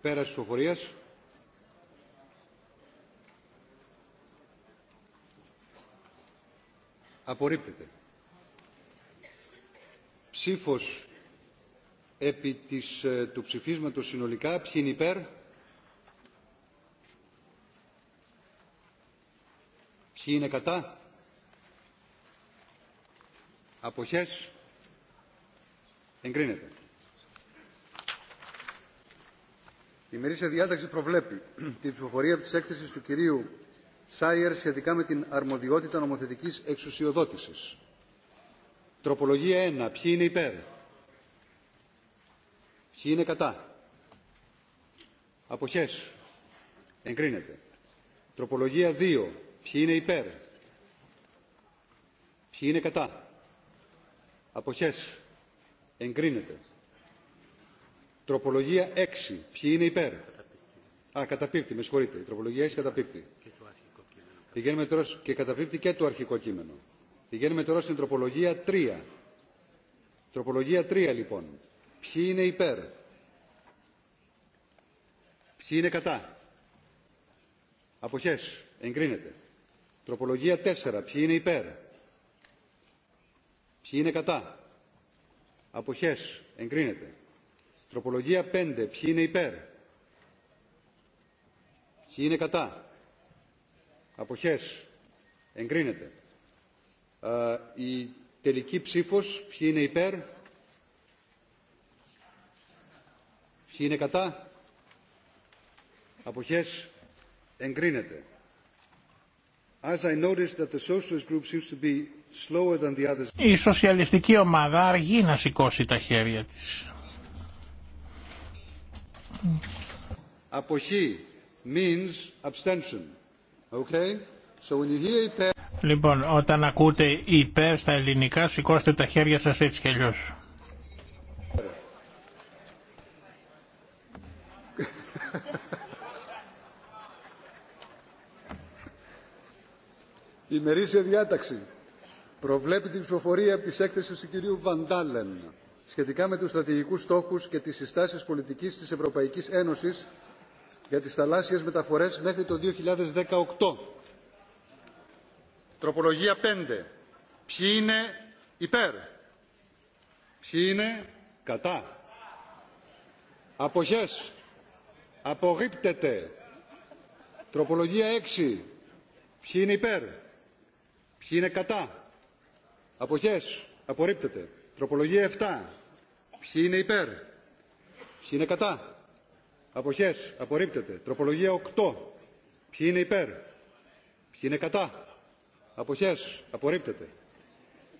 Πέραση ψηφοφορία. Απορρίπτεται. Ψήφος επί της, ε, του ψηφίσματος συνολικά. Ποιοι είναι υπέρ. Ποιοι είναι κατά. Αποχές. Εγκρίνεται. Η μερίσια διάταξη προβλέπει την ψηφοφορία της έκθεσης του κυρίου Σάιερ σχετικά με την αρμοδιότητα νομοθετικής εξουσιοδότησης. Τροπολογία 1. Ποιοι είναι υπέρ. Ποιοι είναι κατά. Αποχές. Εγκρίνεται. Τροπολογία 2. Ποιοι είναι υπέρ. Ποιοι είναι κατά. Αποχές. Εγκρίνεται. Τροπολογία 6. Ποιοι είναι υπέρ. Α, καταπίπτει, με συγχωρείτε. Η τροπολογία 6 καταπίπτει. Πηγαίνουμε τώρα και καταπίπτει και το αρχικό κείμενο. Πηγαίνουμε τώρα στην τροπολογία 3. Τροπολογία 3 λοιπόν. Ποιοι είναι υπέρ. Ποιοι είναι κατά. Αποχές. Εγκρίνεται. Τροπολογία 4. Ποιοι είναι υπέρ. Ποιοι είναι κατά. Αποχές. Εγκρίνεται. Τροπολογία 5. Ποιοι είναι υπέρ. Ποιοι είναι κατά. Αποχές. Εγκρίνεται. Ε, η τελική ψήφος. Ποιοι είναι υπέρ. Ποιοι είναι κατά. Αποχές. Εγκρίνεται. As I noticed that the socialist group seems to be η σοσιαλιστική ομάδα αργεί να σηκώσει τα χέρια της. means abstention. Okay? So when you hear Λοιπόν, όταν ακούτε υπέρ στα ελληνικά, σηκώστε τα χέρια σας έτσι κι αλλιώς. *laughs* Η μερίσια διάταξη προβλέπει την ψηφοφορία τις έκθεσεις του κυρίου Βαντάλεν σχετικά με τους στρατηγικούς στόχους και τις συστάσεις πολιτικής της Ευρωπαϊκής Ένωσης για τις θαλάσσιες μεταφορές μέχρι το 2018. Τροπολογία 5. Ποιοι είναι υπέρ. Ποιοι είναι κατά. Αποχές. Απογύπτεται; Τροπολογία 6. Ποιοι είναι υπέρ. Ποιοι είναι κατά. Αποχές. Απορρίπτεται. Τροπολογία 7. Ποιοι είναι υπέρ. Ποιοι είναι κατά. Αποχές. Απορρίπτεται. Τροπολογία 8. Ποιοι είναι υπέρ. Ποιοι είναι κατά. Αποχές. Απορρίπτεται.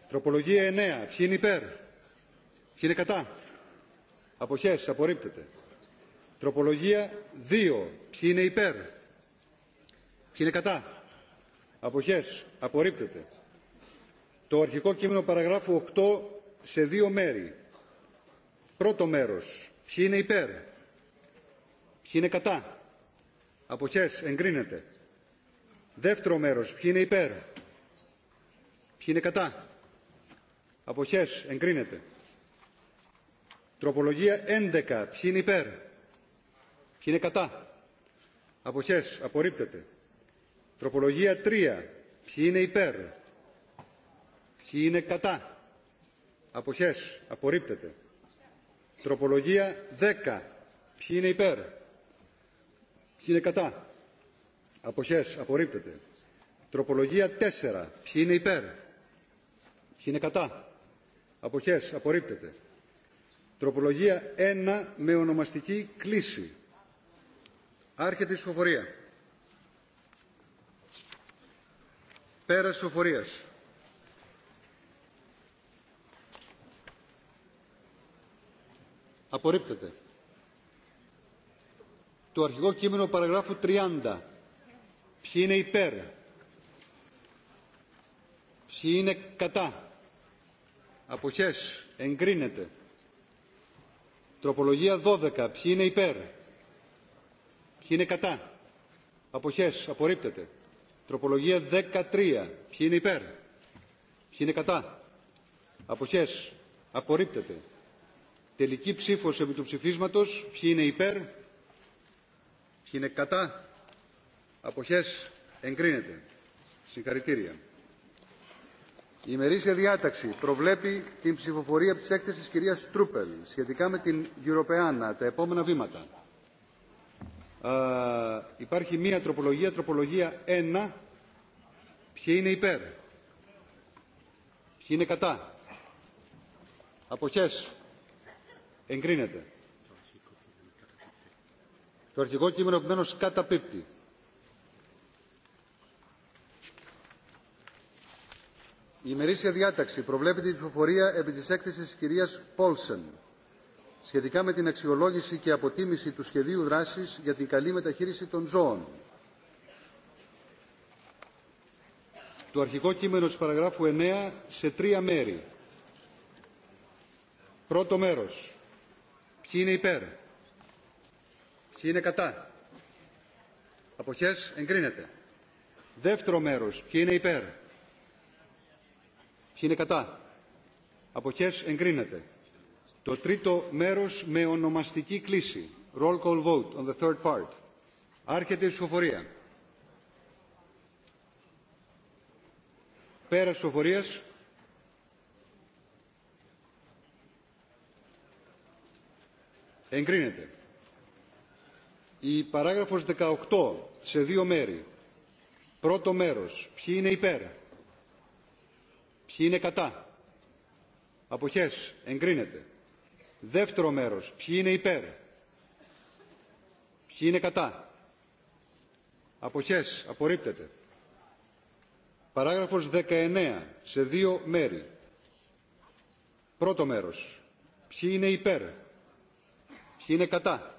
Τροπολογία 9. Ποιοι είναι υπέρ. Ποιοι είναι κατά. Αποχές. Απορρίπτεται. Τροπολογία 2. Ποιοι είναι υπέρ. Ποιοι είναι κατά. Αποχές. Απορρίπτεται το αρχικό κείμενο παραγράφου 8 σε δύο μέρη. Πρώτο μέρος. Ποιοι είναι υπέρ. Ποιοι είναι κατά. Αποχές. Εγκρίνεται. Δεύτερο μέρος. Ποιοι είναι υπέρ. Ποιοι είναι κατά. Αποχές. Εγκρίνεται. Τροπολογία 11. Ποιοι είναι υπέρ. Ποιοι είναι κατά. Αποχές. Απορρίπτεται. Τροπολογία 3. Ποιοι είναι υπέρ. Ποιοι είναι κατά. Αποχές. Απορρίπτεται. Τροπολογία 10. Ποιοι είναι υπέρ. Ποιοι είναι κατά. Αποχές. Απορρίπτεται. Τροπολογία 4. Ποιοι είναι υπέρ. Ποιοι είναι κατά. Αποχές. Απορρίπτεται. Τροπολογία 1 με ονομαστική κλίση. Άρχεται η σοφορία. Πέρες σοφορίας. Απορρίπτεται. Το αρχικό κείμενο παραγράφου 30. Ποιοι είναι υπέρ. Ποιοι είναι κατά. Αποχές. Εγκρίνεται. Τροπολογία 12. Ποιοι είναι υπέρ. Ποιοι είναι κατά. Αποχές. Απορρίπτεται. Τροπολογία 13. Ποιοι είναι υπέρ. Ποιοι είναι κατά. Αποχές. Απορρίπτεται. Τελική ψήφος επί του ψηφίσματος. Ποιοι είναι υπέρ, ποιοι είναι κατά, αποχές, εγκρίνεται. Συγχαρητήρια. Η ημερήσια διάταξη προβλέπει την ψηφοφορία της έκθεσης κυρίας Τρούπελ σχετικά με την Γιουροπεάνα, τα επόμενα βήματα. υπάρχει μία τροπολογία, τροπολογία 1. Ποιοι είναι υπέρ. Ποιοι είναι κατά. Αποχές. Εγκρίνεται. Το αρχικό κείμενο επομένως καταπίπτει. Η ημερήσια διάταξη προβλέπει την ψηφοφορία επί της έκθεσης της κυρίας Πόλσεν σχετικά με την αξιολόγηση και αποτίμηση του σχεδίου δράσης για την καλή μεταχείριση των ζώων. Το αρχικό κείμενο της παραγράφου 9 σε τρία μέρη. Πρώτο μέρος Ποιοι είναι υπέρ. Ποιοι είναι κατά. Αποχές εγκρίνεται. Δεύτερο μέρος. Ποιοι είναι υπέρ. Ποιοι είναι κατά. Αποχές εγκρίνεται. Το τρίτο μέρος με ονομαστική κλίση. Roll call vote on the third part. Άρχεται η ψηφοφορία. Πέρας ψηφοφορίας. Εγκρίνεται. Η παράγραφος 18 σε δύο μέρη. Πρώτο μέρος. Ποιοι είναι υπέρ. Ποιοι είναι κατά. Αποχές. Εγκρίνεται. Δεύτερο μέρος. Ποιοι είναι υπέρ. Ποιοι είναι κατά. Αποχές. Απορρίπτεται. Παράγραφος 19 σε δύο μέρη. Πρώτο μέρος. Ποιοι είναι υπέρ. Ποιοι είναι κατά.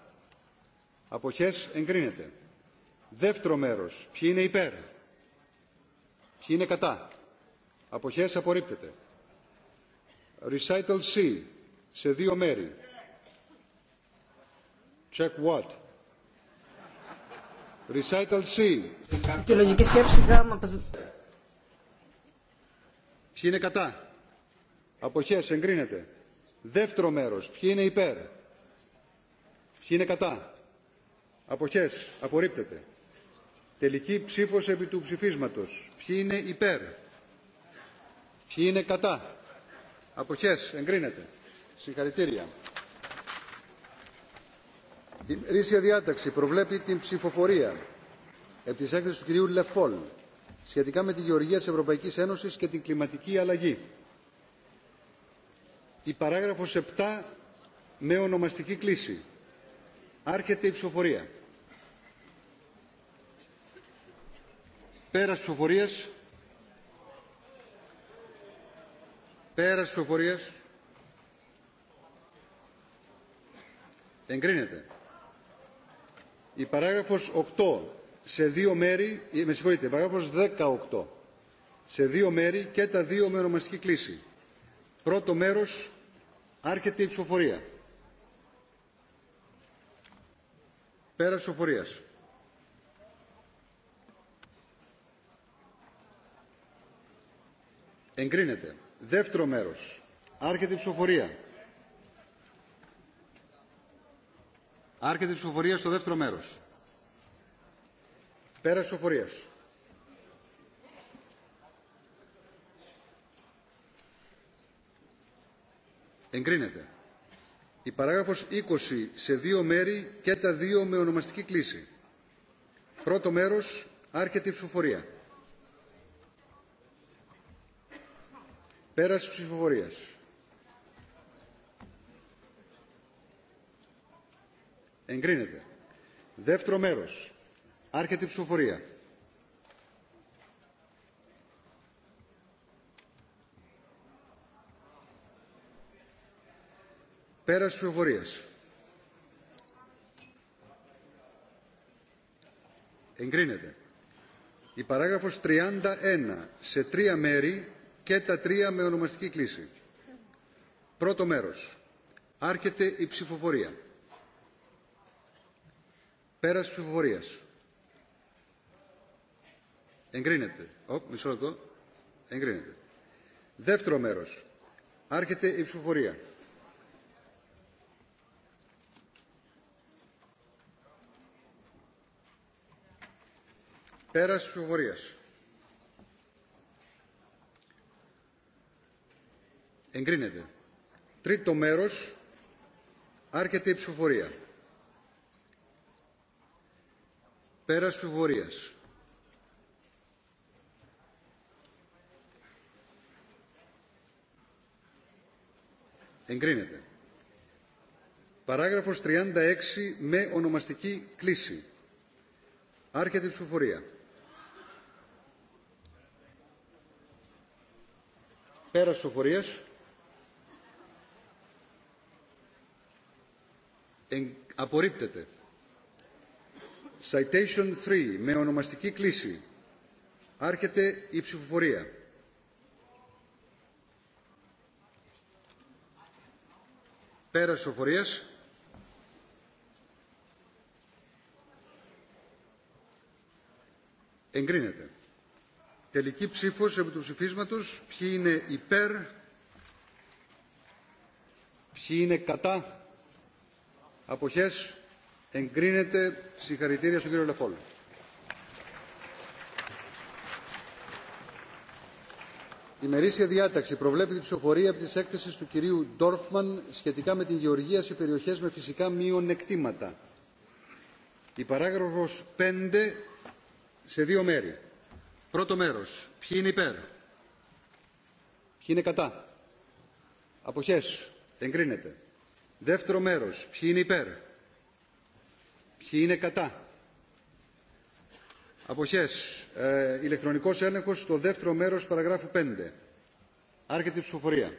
Αποχές εγκρίνεται. Δεύτερο μέρος. Ποιοι είναι υπέρ. Ποιοι είναι κατά. Αποχές απορρίπτεται. Recital C. Σε δύο μέρη. Check what. Recital C. Τη λογική σκέψη γάμα. Ποιοι είναι κατά. Αποχές εγκρίνεται. Δεύτερο μέρος. Ποιοι είναι υπέρ. Ποιοι είναι κατά. Αποχές. Απορρίπτεται. Τελική ψήφος επί του ψηφίσματος. Ποιοι είναι υπέρ. Ποιοι είναι κατά. Αποχές. Εγκρίνεται. Συγχαρητήρια. Η ρίσια διάταξη προβλέπει την ψηφοφορία επί της έκθεσης του κυρίου Λεφόλ σχετικά με τη γεωργία της Ευρωπαϊκής Ένωσης και την κλιματική αλλαγή. Η παράγραφος 7 με ονομαστική κλίση. Άρχεται η ψηφοφορία. Πέρας ψηφοφορίας. Πέρας ψηφοφορίας. Εγκρίνεται. Η παράγραφος 8 σε δύο μέρη, ε, με συγχωρείτε, η παράγραφος 18 σε δύο μέρη και τα δύο με ονομαστική κλίση. Πρώτο μέρος, άρχεται η ψηφοφορία. Πέρα ψηφοφορίας. Εγκρίνεται. Δεύτερο μέρος. Άρχεται η ψηφοφορία. Άρχεται η ψηφοφορία στο δεύτερο μέρος. Πέρα ψηφοφορίας. Εγκρίνεται. Η παράγραφος 20 σε δύο μέρη και τα δύο με ονομαστική κλίση. Πρώτο μέρος, άρχεται η ψηφοφορία. Πέραση ψηφοφορίας. Εγκρίνεται. Δεύτερο μέρος, άρχεται η ψηφοφορία. Πέρας ψηφοφορίας. Εγκρίνεται. Η παράγραφος 31 σε τρία μέρη και τα τρία με ονομαστική κλίση. Πρώτο μέρος. Άρχεται η ψηφοφορία. Πέρας ψηφοφορίας. Εγκρίνεται. Ο, μισό λεπτό. Εγκρίνεται. Δεύτερο μέρος. Άρχεται η ψηφοφορία. Πέρας της ψηφοφορίας. Εγκρίνεται. Τρίτο μέρος. Άρχεται η ψηφοφορία. Πέρας της ψηφοφορίας. Εγκρίνεται. Παράγραφος 36 με ονομαστική κλίση. Άρχεται η ψηφοφορία. Πέρα ψηφοφορία. Απορρίπτεται. Citation 3 με ονομαστική κλίση. Άρχεται η ψηφοφορία. Πέρα σοφορίας, Εγκρίνεται. Τελική ψήφος επί του ψηφίσματος. Ποιοι είναι υπέρ, ποιοι είναι κατά, αποχές, εγκρίνεται. Συγχαρητήρια στον κύριο Λεφόλ. Η μερίσια διάταξη προβλέπει την ψηφοφορία από τις έκθεσεις του κυρίου Ντόρφμαν σχετικά με την γεωργία σε περιοχές με φυσικά μειονεκτήματα. Η παράγραφος 5 σε δύο μέρη. Πρώτο μέρος. Ποιοι είναι υπέρ. Ποιοι είναι κατά. Αποχές. Εγκρίνεται. Δεύτερο μέρος. Ποιοι είναι υπέρ. Ποιοι είναι κατά. Αποχές. Ε, ηλεκτρονικός έλεγχος στο δεύτερο μέρος παραγράφου 5. Άρχεται η ψηφοφορία.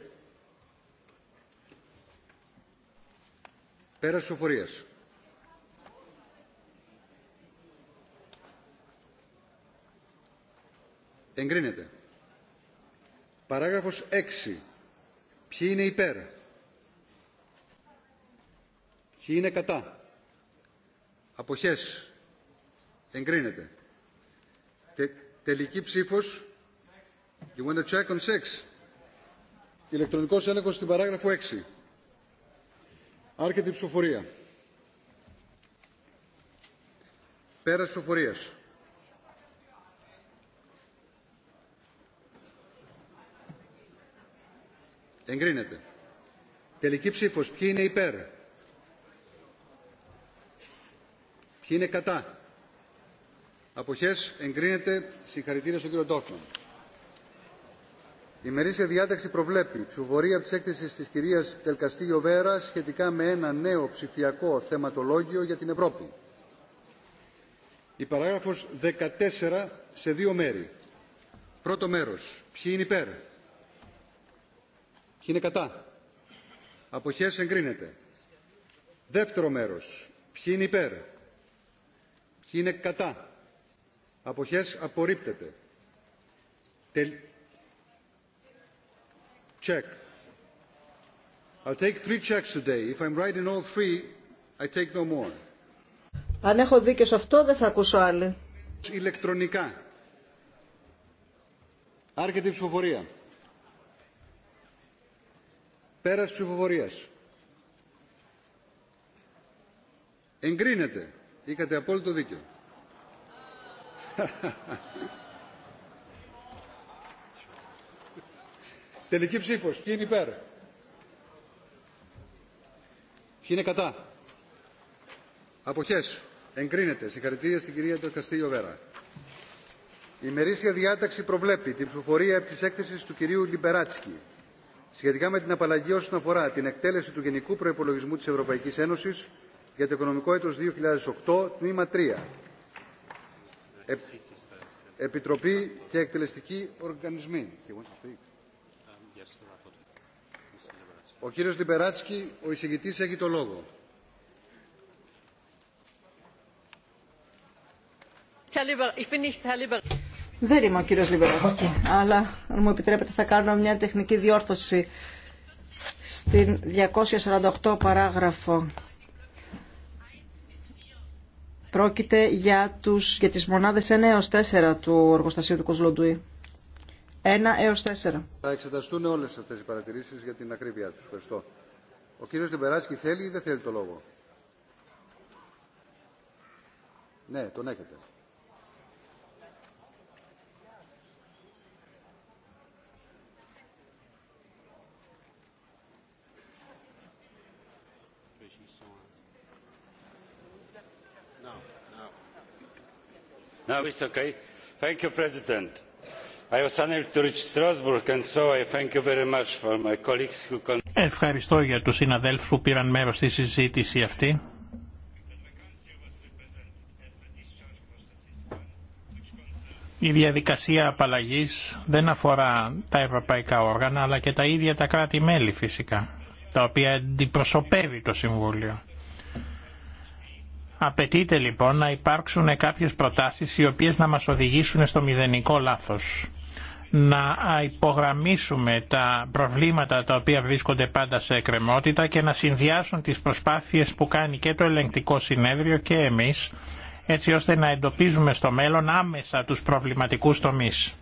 Πέρας ψηφοφορίας. Εγκρίνεται. Παράγραφος 6. Ποιοι είναι υπέρ. Ποιοι είναι κατά. Αποχές. Εγκρίνεται. τελική ψήφος. You want to check on 6. Ηλεκτρονικός έλεγχος στην παράγραφο 6. Άρκετη ψηφοφορία. Πέρα ψηφοφορίας. Εγκρίνεται. Τελική ψήφος. Ποιοι είναι υπέρ. Ποιοι είναι κατά. Αποχές. Εγκρίνεται. Συγχαρητήρια στον κύριο Ντόρφμαν. Η μερίσια διάταξη προβλέπει ψηφοφορία τη έκθεση τη κυρία Τελκαστή Βέρα σχετικά με ένα νέο ψηφιακό θεματολόγιο για την Ευρώπη. Η παράγραφος 14 σε δύο μέρη. Πρώτο μέρος. Ποιοι είναι υπέρ. Ποιοι είναι κατά. Αποχές εγκρίνεται. Δεύτερο μέρος. Ποιοι είναι υπέρ. Ποιοι είναι κατά. Αποχές απορρίπτεται. Τελ... Check. I'll take three checks today. If I'm right in all three, I take no more. Αν έχω δίκιο σε αυτό, δεν θα ακούσω άλλη. Ηλεκτρονικά. Άρκετη ψηφοφορία. Πέρας ψηφοφορίας. Εγκρίνεται. Είχατε απόλυτο δίκιο. Τελική ψήφος. Ποιοι είναι υπέρ. Ποιοι είναι κατά. Αποχές. Εγκρίνεται. Συγχαρητήρια στην κυρία Τερκαστήλιο Βέρα. Η μερίσια διάταξη προβλέπει την ψηφοφορία επί της έκθεσης του κυρίου Λιμπεράτσκι σχετικά με την απαλλαγή όσον αφορά την εκτέλεση του Γενικού Προπολογισμού τη Ευρωπαϊκή Ένωση για το οικονομικό έτος 2008, τμήμα 3. Ε, Επιτροπή και εκτελεστικοί οργανισμοί. Ο κύριος Λιμπεράτσκι, ο εισηγητής, έχει το λόγο. Δεν είμαι ο κύριος Λιμπεράτσκι, αλλά αν μου επιτρέπετε θα κάνω μια τεχνική διόρθωση στην 248 παράγραφο. Πρόκειται για, τους, για τις μονάδες 1 έως 4 του εργοστασίου του Κοσλοντουή. 1 έως 4. Θα εξεταστούν όλες αυτές οι παρατηρήσεις για την ακρίβειά τους. Ευχαριστώ. Ο κύριος Λιμπεράτσκι θέλει ή δεν θέλει το λόγο. Ναι, τον έχετε. ευχαριστώ για τους συναδέλφους που πήραν μέρος στη συζήτηση αυτή. Η διαδικασία απαλλαγής δεν αφορά τα ευρωπαϊκά όργανα αλλά και τα ίδια τα κράτη-μέλη φυσικά, τα οποία αντιπροσωπεύει το Συμβούλιο. Απαιτείται λοιπόν να υπάρξουν κάποιες προτάσεις οι οποίες να μας οδηγήσουν στο μηδενικό λάθος. Να υπογραμμίσουμε τα προβλήματα τα οποία βρίσκονται πάντα σε εκκρεμότητα και να συνδυάσουν τις προσπάθειες που κάνει και το ελεγκτικό συνέδριο και εμείς έτσι ώστε να εντοπίζουμε στο μέλλον άμεσα τους προβληματικούς τομείς.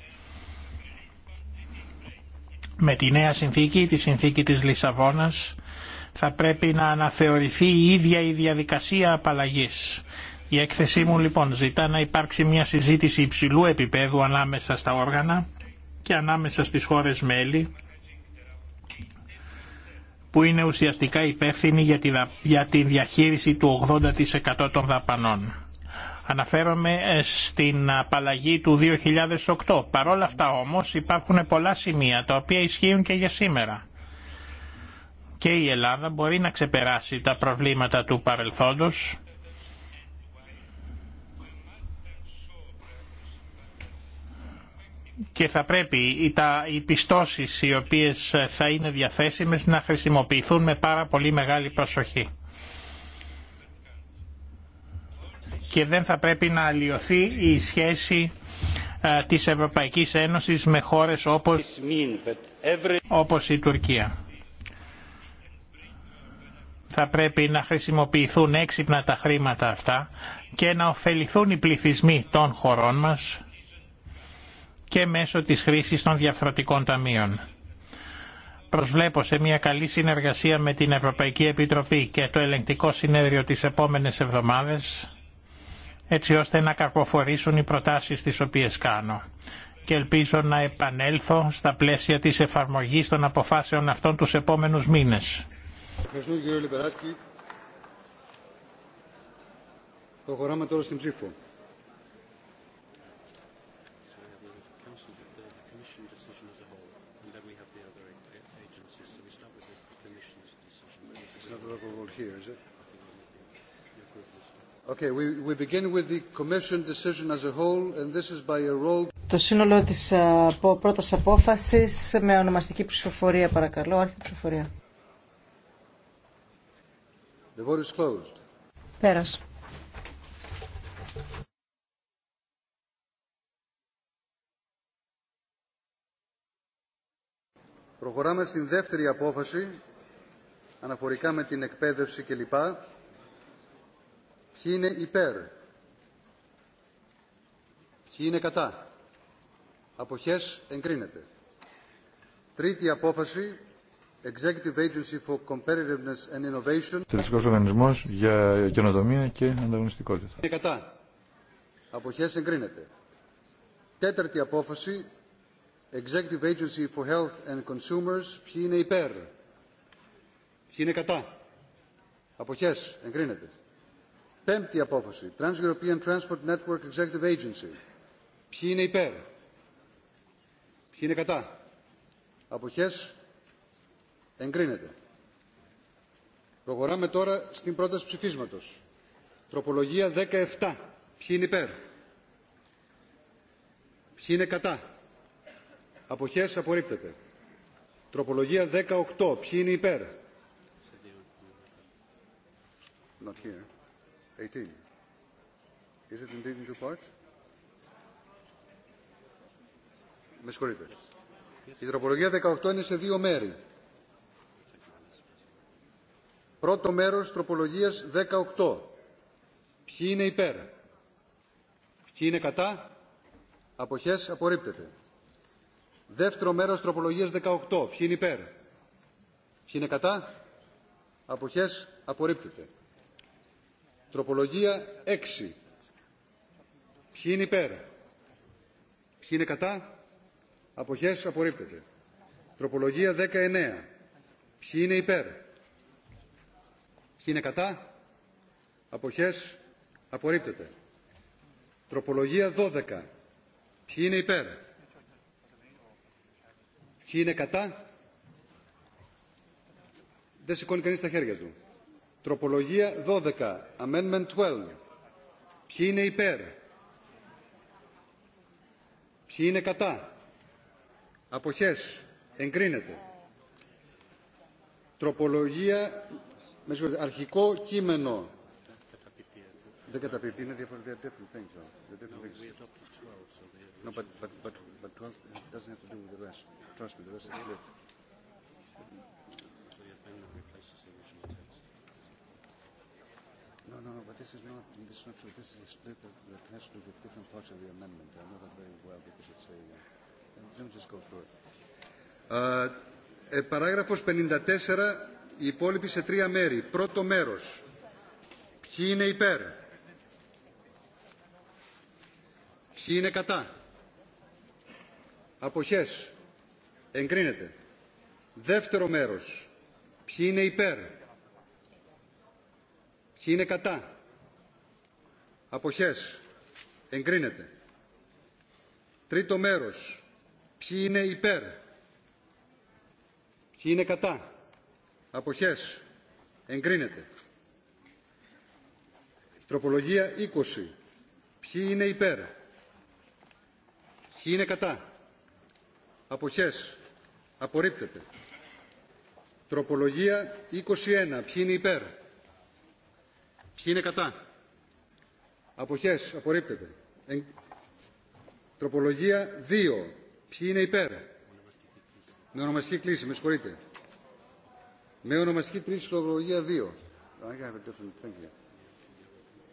Με τη νέα συνθήκη, τη συνθήκη της Λισαβόνας, θα πρέπει να αναθεωρηθεί η ίδια η διαδικασία απαλλαγής. Η έκθεσή μου λοιπόν ζητά να υπάρξει μια συζήτηση υψηλού επίπεδου ανάμεσα στα όργανα και ανάμεσα στις χώρες μέλη που είναι ουσιαστικά υπεύθυνοι για τη διαχείριση του 80% των δαπανών. Αναφέρομαι ε, στην απαλλαγή του 2008. Παρόλα αυτά όμως υπάρχουν πολλά σημεία τα οποία ισχύουν και για σήμερα και η Ελλάδα μπορεί να ξεπεράσει τα προβλήματα του παρελθόντος και θα πρέπει τα, οι πιστώσεις οι οποίες θα είναι διαθέσιμες να χρησιμοποιηθούν με πάρα πολύ μεγάλη προσοχή. Και δεν θα πρέπει να αλλοιωθεί η σχέση της Ευρωπαϊκής Ένωσης με χώρες όπως, όπως η Τουρκία θα πρέπει να χρησιμοποιηθούν έξυπνα τα χρήματα αυτά και να ωφεληθούν οι πληθυσμοί των χωρών μας και μέσω της χρήσης των διαφθορτικών ταμείων. Προσβλέπω σε μια καλή συνεργασία με την Ευρωπαϊκή Επιτροπή και το Ελεγκτικό Συνέδριο τις επόμενες εβδομάδες έτσι ώστε να κακοφορήσουν οι προτάσεις τις οποίες κάνω και ελπίζω να επανέλθω στα πλαίσια της εφαρμογής των αποφάσεων αυτών τους επόμενους μήνες. Ευχαριστώ, κύριε Λιμπεράσκη. Προχωράμε τώρα στην ψήφο. Το σύνολο της πρώτας απόφασης με ονομαστική ψηφοφορία παρακαλώ. Άρχιτε ψηφοφορία. Πέρας. Προχωράμε στην δεύτερη απόφαση αναφορικά με την εκπαίδευση κλπ. Ποιοι είναι υπέρ. Ποιοι είναι κατά. Αποχές εγκρίνεται. Τρίτη απόφαση Τελεστικός Οργανισμός για Καινοτομία και Ανταγωνιστικότητα. Είναι κατά. Αποχές εγκρίνεται. Τέταρτη απόφαση. Executive Agency for Health and Consumers. Ποιοι είναι υπέρ. Ποιοι είναι κατά. Αποχές εγκρίνεται. Πέμπτη απόφαση. Trans-European Transport Network Executive Agency. Ποιοι είναι υπέρ. Ποιοι είναι κατά. Αποχές Εγκρίνεται. Προχωράμε τώρα στην πρόταση ψηφίσματος. Τροπολογία 17. Ποιοι είναι υπέρ. Ποιοι είναι κατά. Αποχές απορρίπτεται. Τροπολογία 18. Ποιοι είναι υπέρ. Not here. 18. Is it in two parts? Με συγχωρείτε. Η τροπολογία 18 είναι σε δύο μέρη. Πρώτο μέρος τροπολογίας 18. Ποιοι είναι υπέρ. Ποιοι είναι κατά. Αποχές απορρίπτεται. Δεύτερο μέρος τροπολογίας 18. Ποιοι είναι υπέρ. Ποιοι είναι κατά. Αποχές απορρίπτεται. Τροπολογία 6. Ποιοι είναι υπέρ. Ποιοι είναι κατά. Αποχές απορρίπτεται. Τροπολογία 19. Ποιοι είναι υπέρ. Ποιοι είναι κατά. Αποχές. Απορρίπτεται. Τροπολογία 12. Ποιοι είναι υπέρ. Ποιοι είναι κατά. Δεν σηκώνει κανείς τα χέρια του. Τροπολογία 12. Amendment 12. Ποιοι είναι υπέρ. Ποιοι είναι κατά. Αποχές. Εγκρίνεται. Τροπολογία με συγχωρείτε, αρχικό κείμενο. Δεν καταπιπτεί, είναι διαφορετικά. 54 οι υπόλοιποι σε τρία μέρη. Πρώτο μέρος. Ποιοι είναι υπέρ. Ποιοι είναι κατά. Αποχές. Εγκρίνεται. Δεύτερο μέρος. Ποιοι είναι υπέρ. Ποιοι είναι κατά. Αποχές. Εγκρίνεται. Τρίτο μέρος. Ποιοι είναι υπέρ. Ποιοι είναι κατά. Αποχές. Εγκρίνεται. Τροπολογία 20. Ποιοι είναι υπέρ. Ποιοι είναι κατά. Αποχές. Απορρίπτεται. Τροπολογία 21. Ποιοι είναι υπέρ. Ποιοι είναι κατά. Αποχές. Απορρίπτεται. Τροπολογία 2. Ποιοι είναι υπέρ. Με ονομαστική κλίση. Με συγχωρείτε. Με ονομαστική κρίση τροπολογία 2.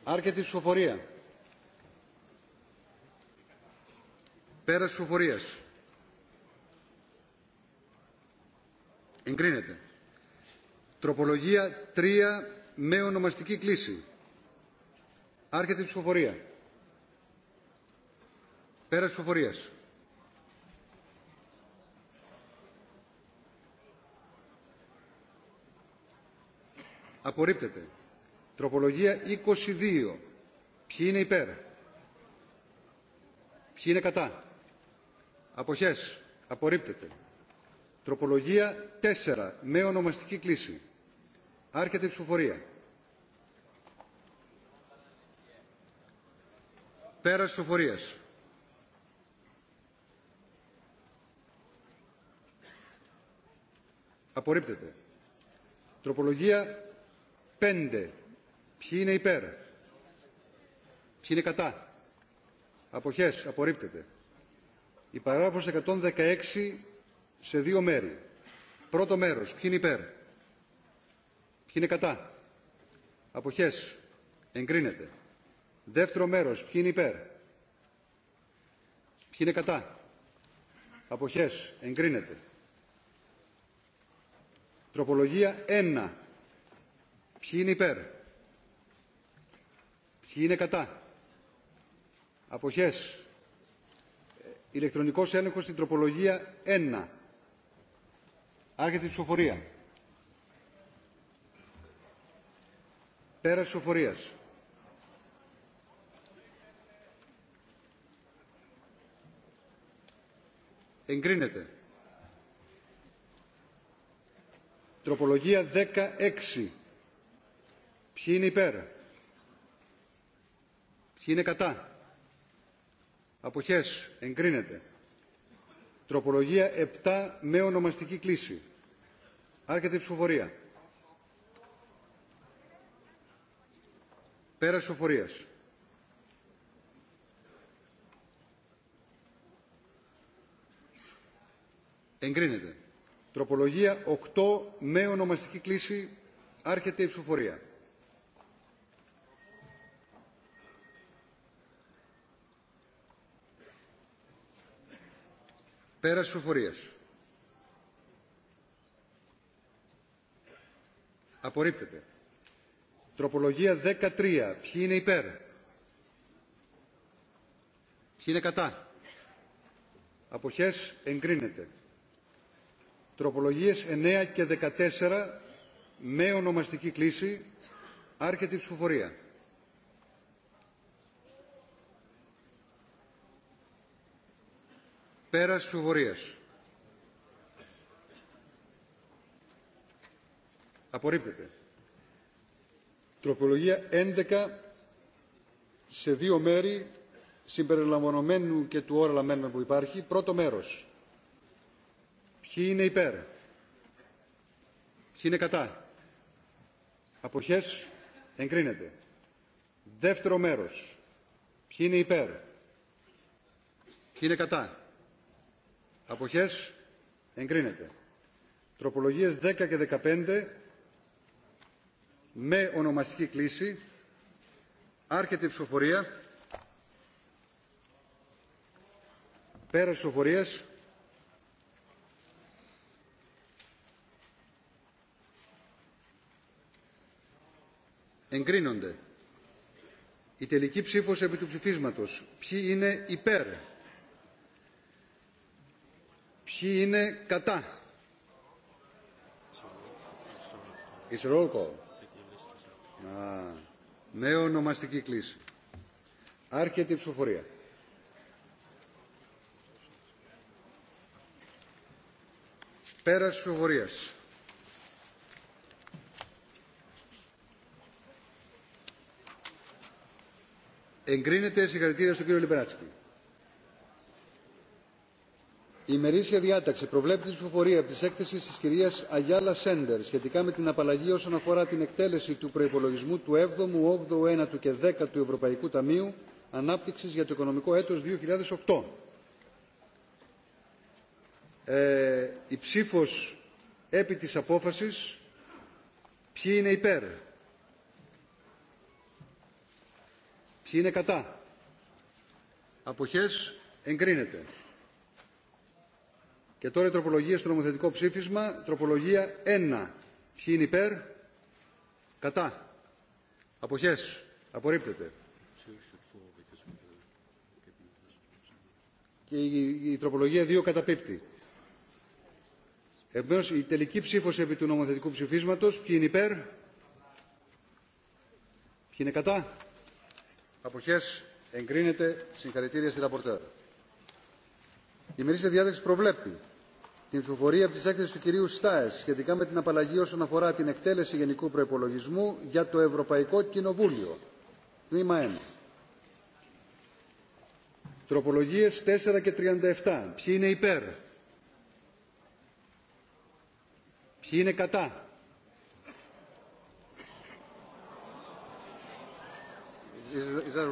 Άρκετη ψηφοφορία. Πέρα ψηφοφορία. Εγκρίνεται. Τροπολογία 3 με ονομαστική κλίση. Άρχεται η ψηφοφορία. Πέρα ψηφοφορίας. Απορρίπτεται. Τροπολογία 22. Ποιοι είναι υπέρ. Ποιοι είναι κατά. Αποχές. Απορρίπτεται. Τροπολογία 4. Με ονομαστική κλίση. Άρχεται η ψηφοφορία. Πέρας ψηφοφορίας. Απορρίπτεται. Τροπολογία 5. Ποιοι είναι υπέρ. Ποιοι είναι κατά. Αποχές. Απορρίπτεται. Η παράγραφος 116 σε δύο μέρη. Πρώτο μέρος. Ποιοι είναι υπέρ. Ποιοι είναι κατά. Αποχές. Εγκρίνεται. Δεύτερο μέρος. Ποιοι είναι υπέρ. Ποιοι είναι κατά. Αποχές. Εγκρίνεται. Τροπολογία 1. Ποιοι είναι υπέρ. Ποιοι είναι κατά. Αποχές. Ηλεκτρονικός έλεγχος στην τροπολογία 1. Άρχεται η ψηφοφορία. Πέρα της ψηφοφορίας. Εγκρίνεται. Τροπολογία 16. Ποιοι είναι υπέρ. Ποιοι είναι κατά. Αποχές. Εγκρίνεται. Τροπολογία 7 με ονομαστική κλίση. Άρχεται η ψηφοφορία. Πέρα ψηφοφορίας. Εγκρίνεται. Τροπολογία 8 με ονομαστική κλίση. Άρχεται η ψηφοφορία. Πέρας ψηφοφορία. Απορρίπτεται. Τροπολογία 13. Ποιοι είναι υπέρ. Ποιοι είναι κατά. Αποχές εγκρίνεται. Τροπολογίες 9 και 14 με ονομαστική κλίση. Άρχεται η ψηφοφορία. Πέρας φοβορίες. Απορρίπτεται. Τροπολογία 11 σε δύο μέρη συμπεριλαμβανομένου και του όρα λαμμένου που υπάρχει. Πρώτο μέρος. Ποιοι είναι υπέρ. Ποιοι είναι κατά. Αποχές εγκρίνεται. Δεύτερο μέρος. Ποιοι είναι υπέρ. Ποιοι είναι κατά. Αποχές. Εγκρίνεται. Τροπολογίες 10 και 15 με ονομαστική κλίση. Άρχεται η ψηφοφορία. Πέρα ψηφοφορίας. Εγκρίνονται. Η τελική ψήφος επί του ψηφίσματος. Ποιοι είναι υπέρ. Ποιοι είναι κατά. It's roll call. νέο ναι, ονομαστική κλίση. Άρχεται η ψηφοφορία. Πέρας της ψηφοφορίας. Εγκρίνεται συγχαρητήρια στον κύριο Λιμπεράτσικη. Η ημερήσια διάταξη προβλέπει την ψηφοφορία τη έκθεση τη κυρία Αγιάλα Σέντερ σχετικά με την απαλλαγή όσον αφορά την εκτέλεση του προπολογισμού του 7ου, 8ου, 9ου και 10ου Ευρωπαϊκού Ταμείου Ανάπτυξη για το οικονομικό έτος 2008. Ε, η ψήφος επί της απόφασης ποιοι είναι υπέρ ποιοι είναι κατά αποχές εγκρίνεται και τώρα η τροπολογία στο νομοθετικό ψήφισμα. Τροπολογία 1. Ποιοι είναι υπέρ. Κατά. Αποχές. Απορρίπτεται. Και η, τροπολογία 2 καταπίπτει. Επομένω, η τελική ψήφος επί του νομοθετικού ψηφίσματος. Ποιοι είναι υπέρ. Ποιοι είναι κατά. Αποχές. Εγκρίνεται. Συγχαρητήρια στη ραπορτέρα. Η μερίστη διάθεση προβλέπει την ψηφοφορία της έκθεσης του κυρίου Στάες σχετικά με την απαλλαγή όσον αφορά την εκτέλεση γενικού προϋπολογισμού για το Ευρωπαϊκό Κοινοβούλιο. Τμήμα 1. Τροπολογίες 4 και 37. Ποιοι είναι υπέρ. Ποιοι είναι κατά. Is, is that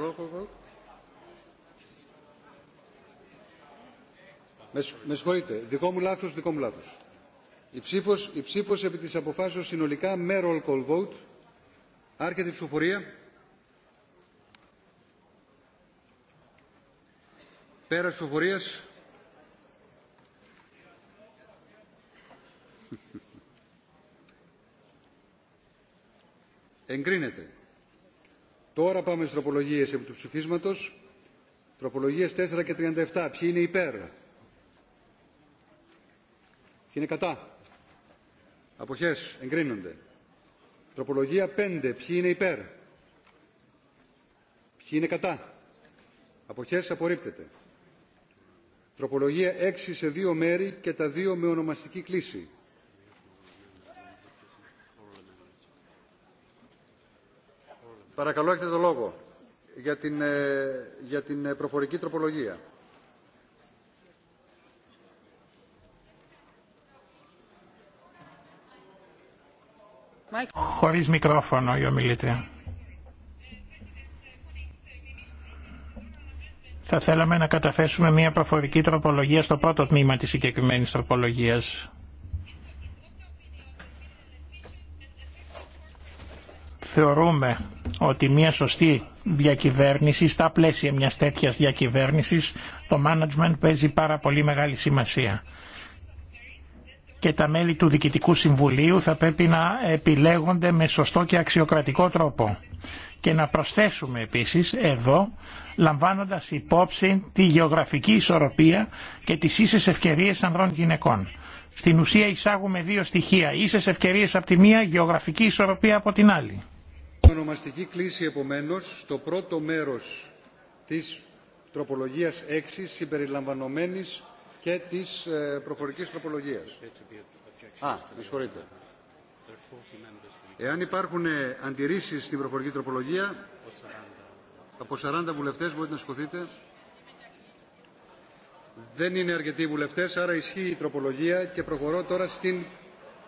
Με συγχωρείτε. Δικό μου λάθος, δικό μου λάθος. Η ψήφος, η ψήφος επί της αποφάσεως συνολικά με roll call vote. Άρχεται η ψηφοφορία. Πέρα ψηφοφορία. Εγκρίνεται. Τώρα πάμε στι τροπολογίε επί του ψηφίσματο, τροπολογίε 4 και 37. Ποιοι είναι υπέρ είναι κατά. Αποχές. Εγκρίνονται. Τροπολογία 5. Ποιοι είναι υπέρ. Ποιοι είναι κατά. Αποχές. Απορρίπτεται. Τροπολογία 6 σε δύο μέρη και τα δύο με ονομαστική κλίση. Παρακαλώ έχετε το λόγο για την, ε, για την ε, προφορική τροπολογία. Χωρίς μικρόφωνο η ομιλήτρια. Θα θέλαμε να καταθέσουμε μια προφορική τροπολογία στο πρώτο τμήμα της συγκεκριμένης τροπολογίας. Θεωρούμε ότι μια σωστή διακυβέρνηση, στα πλαίσια μιας τέτοιας διακυβέρνησης, το management παίζει πάρα πολύ μεγάλη σημασία και τα μέλη του Διοικητικού Συμβουλίου θα πρέπει να επιλέγονται με σωστό και αξιοκρατικό τρόπο. Και να προσθέσουμε επίσης εδώ, λαμβάνοντας υπόψη τη γεωγραφική ισορροπία και τις ίσες ευκαιρίες ανδρών γυναικών. Στην ουσία εισάγουμε δύο στοιχεία, ίσες ευκαιρίες από τη μία, γεωγραφική ισορροπία από την άλλη. Ονομαστική κλίση επομένως στο πρώτο μέρος της τροπολογίας 6 συμπεριλαμβανομένης και της ε, προφορικής τροπολογίας. Α, με συγχωρείτε. Εάν υπάρχουν ε, αντιρρήσεις στην προφορική τροπολογία, από 40 βουλευτές μπορείτε να σηκωθείτε. Δεν είναι αρκετοί βουλευτές, άρα ισχύει η τροπολογία και προχωρώ τώρα στην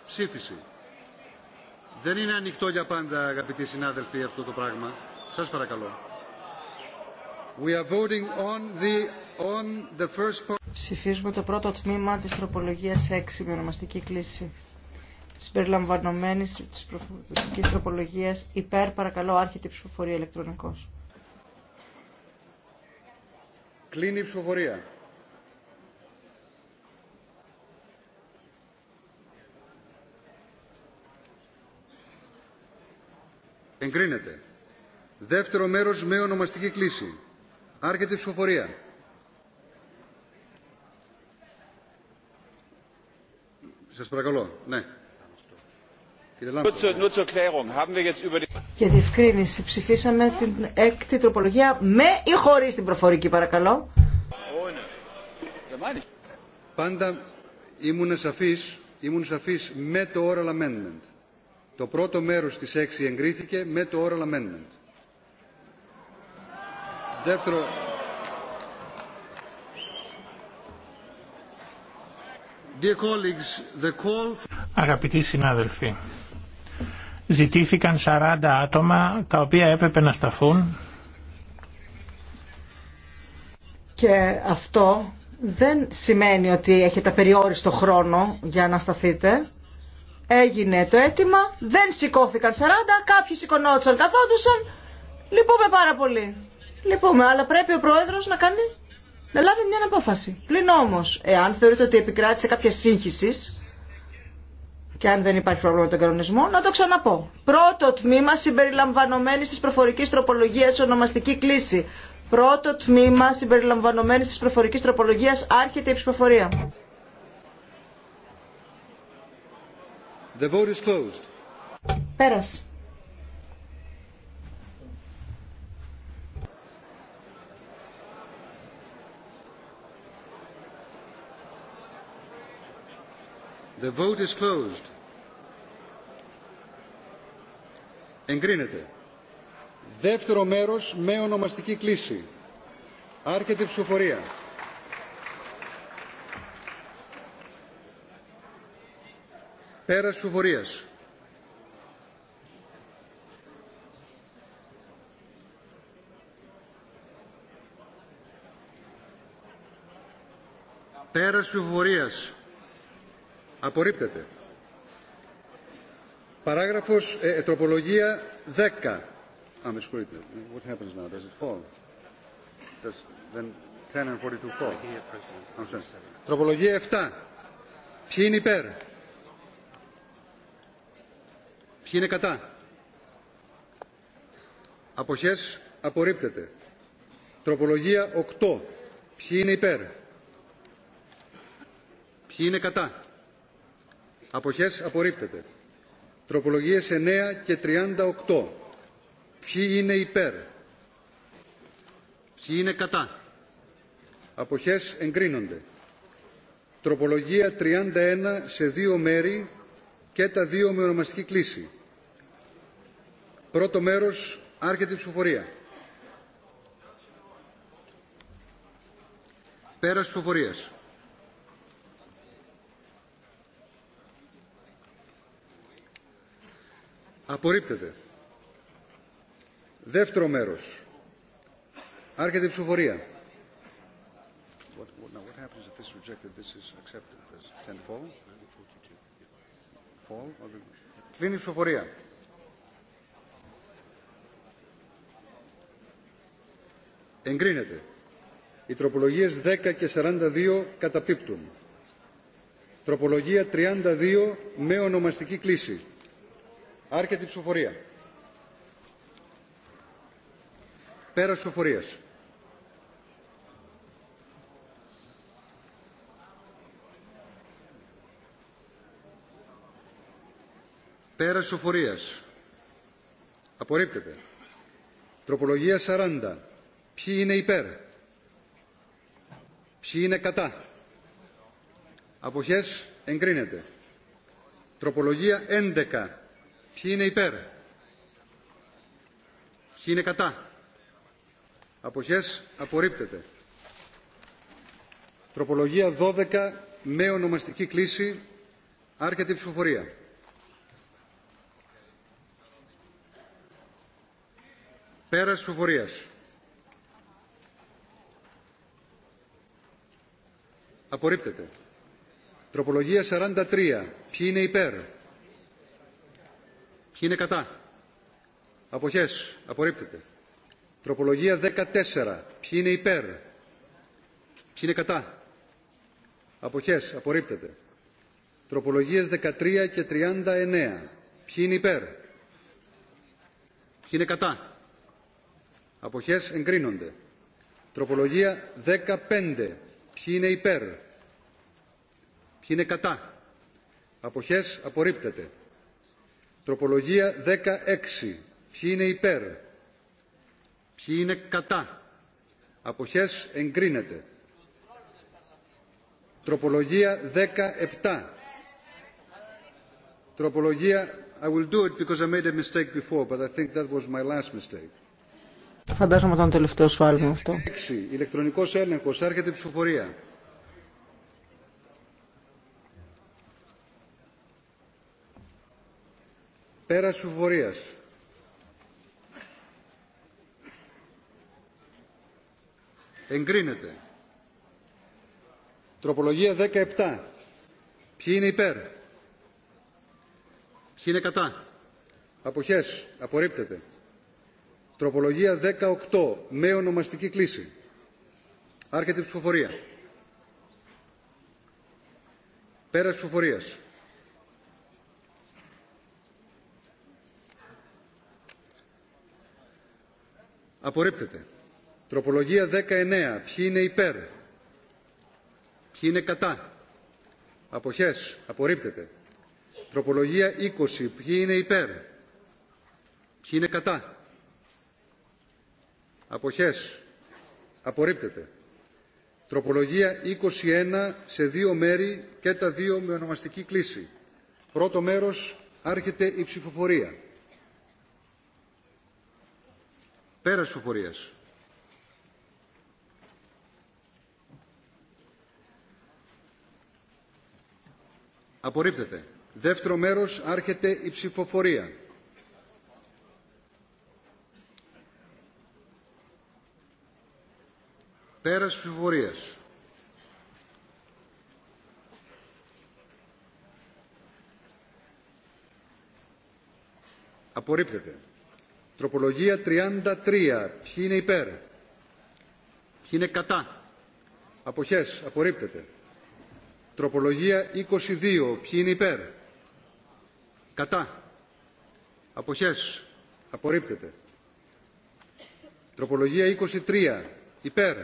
ψήφιση. Δεν είναι ανοιχτό για πάντα, αγαπητοί συνάδελφοι, αυτό το πράγμα. Σας παρακαλώ. We are voting on the Ψηφίζουμε το πρώτο τμήμα της τροπολογίας 6 με ονομαστική κλίση. Συμπεριλαμβανομένης της προφορικής τροπολογίας υπέρ παρακαλώ άρχεται η ψηφοφορία ηλεκτρονικός. Κλείνει η ψηφοφορία. Εγκρίνεται. Δεύτερο μέρος με ονομαστική κλίση. Άρχεται ψηφοφορία. Για διευκρίνηση, ψηφίσαμε την έκτη τροπολογία με ή χωρίς την προφορική, παρακαλώ. Πάντα ήμουν σαφής, σαφής με το oral amendment. Το πρώτο μέρος της 6 εγκρίθηκε με το oral amendment. Δεύτερο, Αγαπητοί συνάδελφοι, ζητήθηκαν 40 άτομα τα οποία έπρεπε να σταθούν και αυτό δεν σημαίνει ότι έχετε περιόριστο χρόνο για να σταθείτε. Έγινε το αίτημα, δεν σηκώθηκαν 40, κάποιοι σηκωνόντουσαν, καθόντουσαν. Λυπούμε πάρα πολύ. Λυπούμε, αλλά πρέπει ο Πρόεδρος να κάνει να λάβει μια απόφαση. Πλην όμω, εάν θεωρείτε ότι επικράτησε κάποια σύγχυση και αν δεν υπάρχει πρόβλημα με τον κανονισμό, να το ξαναπώ. Πρώτο τμήμα συμπεριλαμβανομένη τη προφορική τροπολογία ονομαστική κλίση. Πρώτο τμήμα συμπεριλαμβανομένη τη προφορική τροπολογία άρχεται η ψηφοφορία. Πέρασε. The vote is closed. Εγκρίνεται. Δεύτερο μέρος με ονομαστική κλίση. Άρχεται ψηφοφορία. Πέρας ψηφοφορίας. Πέρας ψηφοφορίας. Απορρίπτεται. Παράγραφος, ε, ε τροπολογία 10. Αμε συγχωρείτε. What happens now, does it fall? Does, then 10 and 42 fall. I'm τροπολογία 7. Ποιοι είναι υπέρ. Ποιοι είναι κατά. Αποχές απορρίπτεται. Τροπολογία 8. Ποιοι είναι υπέρ. Ποιοι είναι κατά. Αποχές απορρίπτεται. Τροπολογίες 9 και 38. Ποιοι είναι υπέρ. Ποιοι είναι κατά. Αποχές εγκρίνονται. Τροπολογία 31 σε δύο μέρη και τα δύο με ονομαστική κλίση. Πρώτο μέρος άρχεται η ψηφοφορία. Πέρας ψηφοφορίας. Απορρίπτεται. Δεύτερο μέρος. Άρχεται η ψηφοφορία. Κλείνει η ψηφοφορία. Εγκρίνεται. Οι τροπολογίες 10 και 42 καταπίπτουν. Τροπολογία 32 με ονομαστική κλίση. Άρχεται η ψηφοφορία. Πέρα ψηφοφορία. Πέρα ψηφοφορία. Απορρίπτεται. Τροπολογία 40. Ποιοι είναι υπέρ. Ποιοι είναι κατά. Αποχές εγκρίνεται. Τροπολογία 11 Ποιοι είναι υπέρ. Ποιοι είναι κατά. Αποχές απορρίπτεται. Τροπολογία 12 με ονομαστική κλίση. Άρχεται η ψηφοφορία. Πέρας ψηφοφορίας. Απορρίπτεται. Τροπολογία 43. Ποιοι είναι υπέρ. Ποιοι είναι κατά. Αποχές. Απορρίπτεται. Τροπολογία 14. Ποιοι είναι υπέρ. Ποιοι είναι κατά. Αποχές. Απορρίπτεται. Τροπολογίες 13 και 39. Ποιοι είναι υπέρ. Ποιοι είναι κατά. Αποχές εγκρίνονται. Τροπολογία 15. Ποιοι είναι υπέρ. Ποιοι είναι κατά. Αποχές απορρίπτεται. Τροπολογία 16. Ποιοι είναι υπέρ. Ποιοι είναι κατά. Αποχές εγκρίνεται. Τροπολογία 17. Τροπολογία I will do it because I made a mistake before, but I think that was my last mistake. Φαντάζομαι ήταν το τελευταίο σφάλμα αυτό. 6. Ηλεκτρονικός έλεγχος. Άρχεται η ψηφοφορία. Πέρας ψηφοφορίας. Εγκρίνεται. Τροπολογία 17. Ποιοι είναι υπέρ. Ποιοι είναι κατά. Αποχές. Απορρίπτεται. Τροπολογία 18. Με ονομαστική κλίση. Άρχεται η ψηφοφορία. Πέρας ψηφοφορίας. Απορρίπτεται. Τροπολογία 19. Ποιοι είναι υπέρ. Ποιοι είναι κατά. Αποχές. Απορρίπτεται. Τροπολογία 20. Ποιοι είναι υπέρ. Ποιοι είναι κατά. Αποχές. Απορρίπτεται. Τροπολογία 21 σε δύο μέρη και τα δύο με ονομαστική κλίση. Πρώτο μέρος άρχεται η ψηφοφορία. Πέρας ψηφοφορίας. Απορρίπτεται. Δεύτερο μέρος άρχεται η ψηφοφορία. Πέρας ψηφοφορίας. Απορρίπτεται. Τροπολογία 33. Ποιοι είναι υπέρ. Ποιοι είναι κατά. Αποχές. Απορρίπτεται. Τροπολογία 22. Ποιοι είναι υπέρ. Κατά. Αποχές. Απορρίπτεται. Τροπολογία 23. Υπέρ.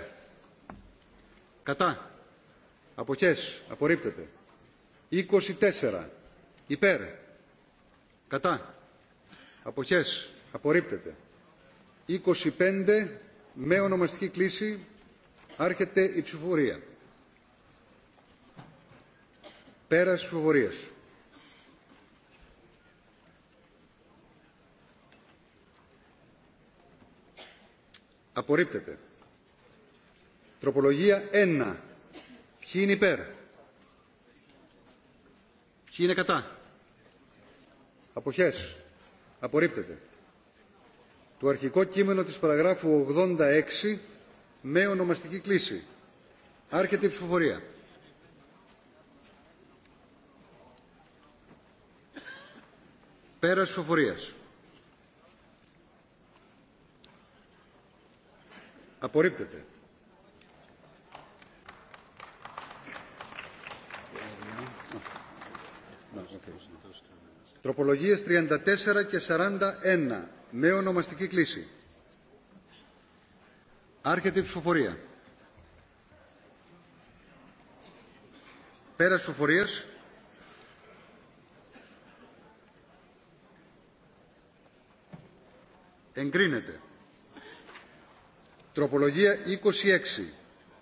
Κατά. Αποχές. Απορρίπτεται. 24. Υπέρ. Κατά. Αποχές. Απορρίπτεται. 25 με ονομαστική κλίση άρχεται η ψηφοφορία. Πέρας ψηφοφορίας. Απορρίπτεται. Τροπολογία 1. Ποιοι είναι υπέρ. Ποιοι είναι κατά. Αποχές. Απορρίπτεται το αρχικό κείμενο της παραγράφου 86 με ονομαστική κλίση. Άρχεται η ψηφοφορία. Πέρας ψηφοφορίας. Απορρίπτεται. Τροπολογίες 34 και 41 με ονομαστική κλίση. Άρχεται η ψηφοφορία. Πέρα ψηφοφορίας. Εγκρίνεται. Τροπολογία 26.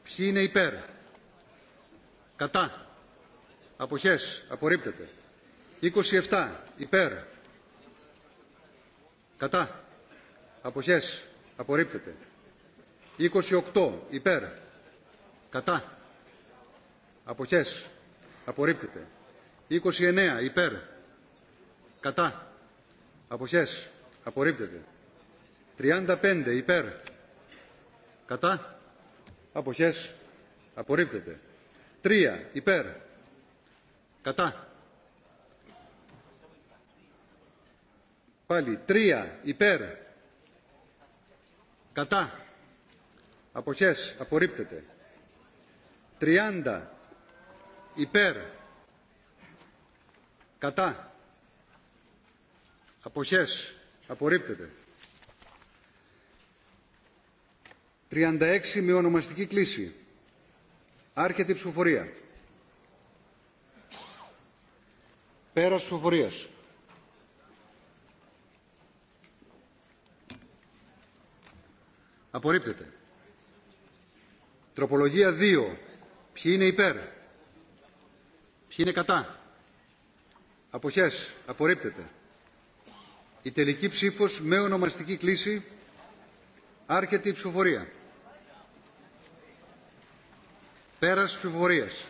Ποιοι είναι υπέρ. Κατά. Αποχές. Απορρίπτεται. 27. Υπέρ. Κατά. Αποχές. Απορρίπτεται. 28. Υπέρ. Κατά. Αποχές. Απορρίπτεται. 29. Υπέρ. Κατά. Αποχές. Απορρίπτεται. 35. Υπέρ. Κατά. Αποχές. Απορρίπτεται. 3. Υπέρ. Κατά. Πάλι. Τρία. Υπέρ. Κατά. Αποχές. Απορρίπτεται. Τριάντα. Υπέρ. Κατά. Αποχές. Απορρίπτεται. 36 με ονομαστική κλίση. Άρχεται η ψηφοφορία. Πέρα ψηφοφορίας. Απορρίπτεται. Τροπολογία 2. Ποιοι είναι υπέρ. Ποιοι είναι κατά. Αποχές. Απορρίπτεται. Η τελική ψήφος με ονομαστική κλίση. Άρχεται η ψηφοφορία. Πέρας ψηφοφορίας.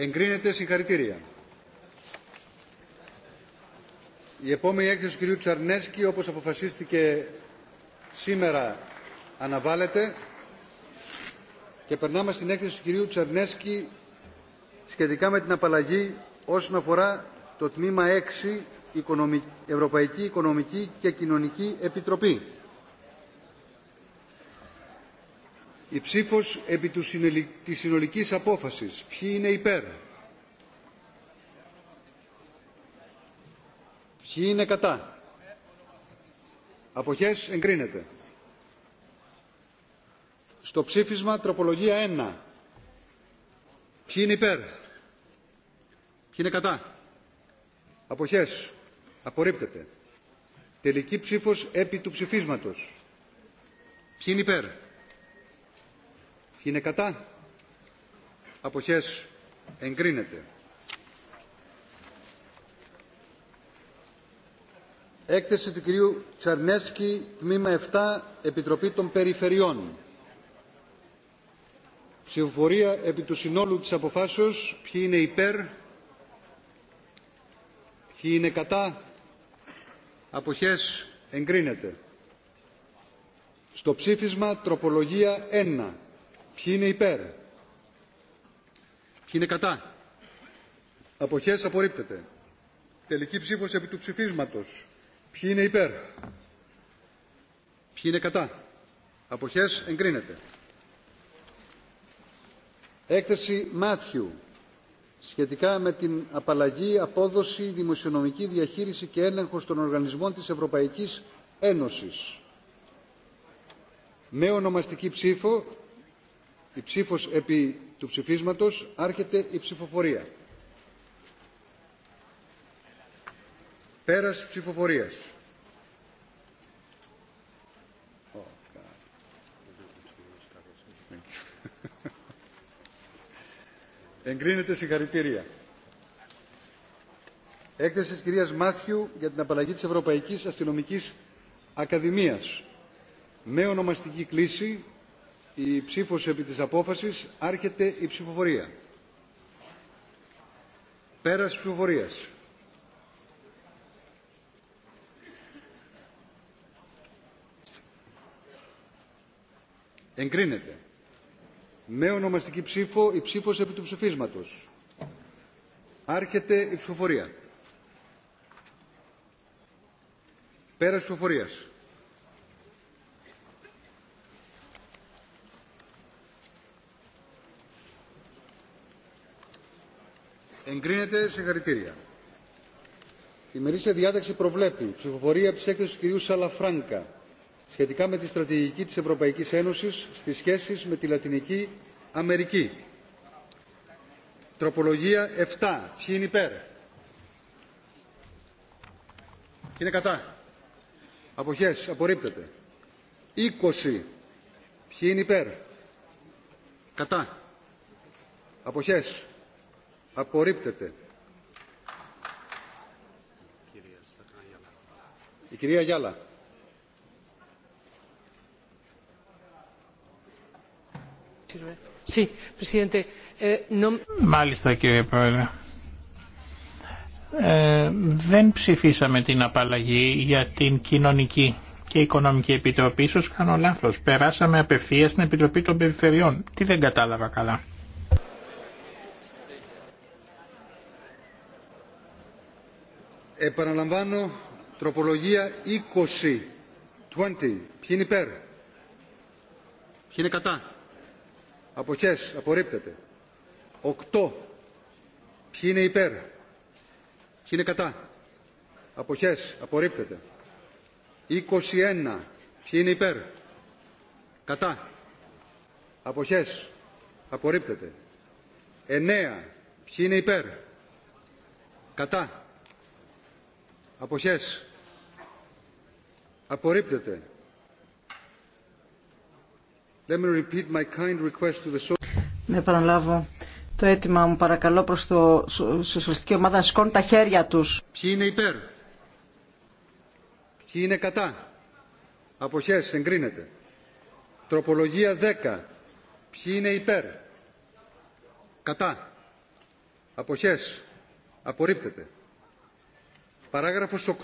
Εγκρίνεται συγχαρητήρια. Η επόμενη έκθεση του κυρίου Τσαρνέσκη, όπως αποφασίστηκε σήμερα, αναβάλλεται. Και περνάμε στην έκθεση του κυρίου Τσαρνέσκη σχετικά με την απαλλαγή όσον αφορά το τμήμα 6, Ευρωπαϊκή Οικονομική και Κοινωνική Επιτροπή. Η ψήφος επί του της συνολικής απόφασης. Ποιοι είναι υπέρ. Ποιοι είναι κατά. Αποχές εγκρίνεται. Στο ψήφισμα τροπολογία 1. Ποιοι είναι υπέρ. Ποιοι είναι κατά. Αποχές. Απορρίπτεται. Τελική ψήφος επί του ψηφίσματος. Ποιοι είναι υπέρ. Ποιοι είναι κατά. Αποχές εγκρίνεται. Έκθεση του κυρίου Τσαρνέσκη, τμήμα 7, Επιτροπή των Περιφερειών. Ψηφοφορία επί του συνόλου της αποφάσεως. Ποιοι είναι υπέρ. Ποιοι είναι κατά. Αποχές εγκρίνεται. Στο ψήφισμα τροπολογία 1. Ποιοι είναι υπέρ. Ποιοι είναι κατά. Αποχές απορρίπτεται. Τελική ψήφος επί του ψηφίσματος. Ποιοι είναι υπέρ. Ποιοι είναι κατά. Αποχές εγκρίνεται. Έκθεση Μάθιου σχετικά με την απαλλαγή, απόδοση, δημοσιονομική διαχείριση και έλεγχο των οργανισμών της Ευρωπαϊκής Ένωσης. Με ονομαστική ψήφο η ψήφος επί του ψηφίσματος άρχεται η ψηφοφορία. Πέρας ψηφοφορίας. Εγκρίνεται συγχαρητήρια. Έκθεση της κυρίας Μάθιου για την απαλλαγή της Ευρωπαϊκής Αστυνομικής Ακαδημίας. Με ονομαστική κλίση η ψήφος επί της απόφασης άρχεται η ψηφοφορία. Πέρας ψηφοφορίας. Εγκρίνεται. Με ονομαστική ψήφο η ψήφος επί του ψηφίσματος. Άρχεται η ψηφοφορία. Πέρας ψηφοφορίας. Εγκρίνεται συγχαρητήρια. Η μερίσια διάταξη προβλέπει ψηφοφορία τη έκθεση του κ. Σαλαφράνκα σχετικά με τη στρατηγική τη Ευρωπαϊκή Ένωση στι σχέσεις με τη Λατινική Αμερική. Τροπολογία 7. Ποιοι είναι υπέρ. Είναι κατά. Αποχές. Απορρίπτεται. 20. Ποιοι είναι υπέρ. Κατά. Αποχές. Απορρίπτεται. Η κυρία Γιάλα. Ε, Μάλιστα κύριε Πρόεδρε. Ε, δεν ψηφίσαμε την απαλλαγή για την κοινωνική και οικονομική επιτροπή. Ίσως κάνω λάθος. Περάσαμε απευθείας στην Επιτροπή των Περιφερειών. Τι δεν κατάλαβα καλά. Επαναλαμβάνω, τροπολογία 20. Ποιοι είναι υπέρ. Ποιοι είναι κατά. Αποχές. Απορρίπτεται. 8. Ποιοι είναι υπέρ. Ποιοι είναι κατά. Αποχές. Απορρίπτεται. 21. Ποιοι είναι υπέρ. Κατά. Αποχές. Απορρίπτεται. 9. Ποιοι είναι υπέρ. Κατά. Αποχές. Απορρίπτεται. Let me repeat my kind request to the... Να επαναλάβω το αίτημα μου παρακαλώ προς το σοσιαλιστική ομάδα να σηκώνουν τα χέρια τους. Ποιοι είναι υπέρ. Ποιοι είναι κατά. Αποχές εγκρίνεται. Τροπολογία 10. Ποιοι είναι υπέρ. Κατά. Αποχές. Απορρίπτεται. Παράγραφος 8.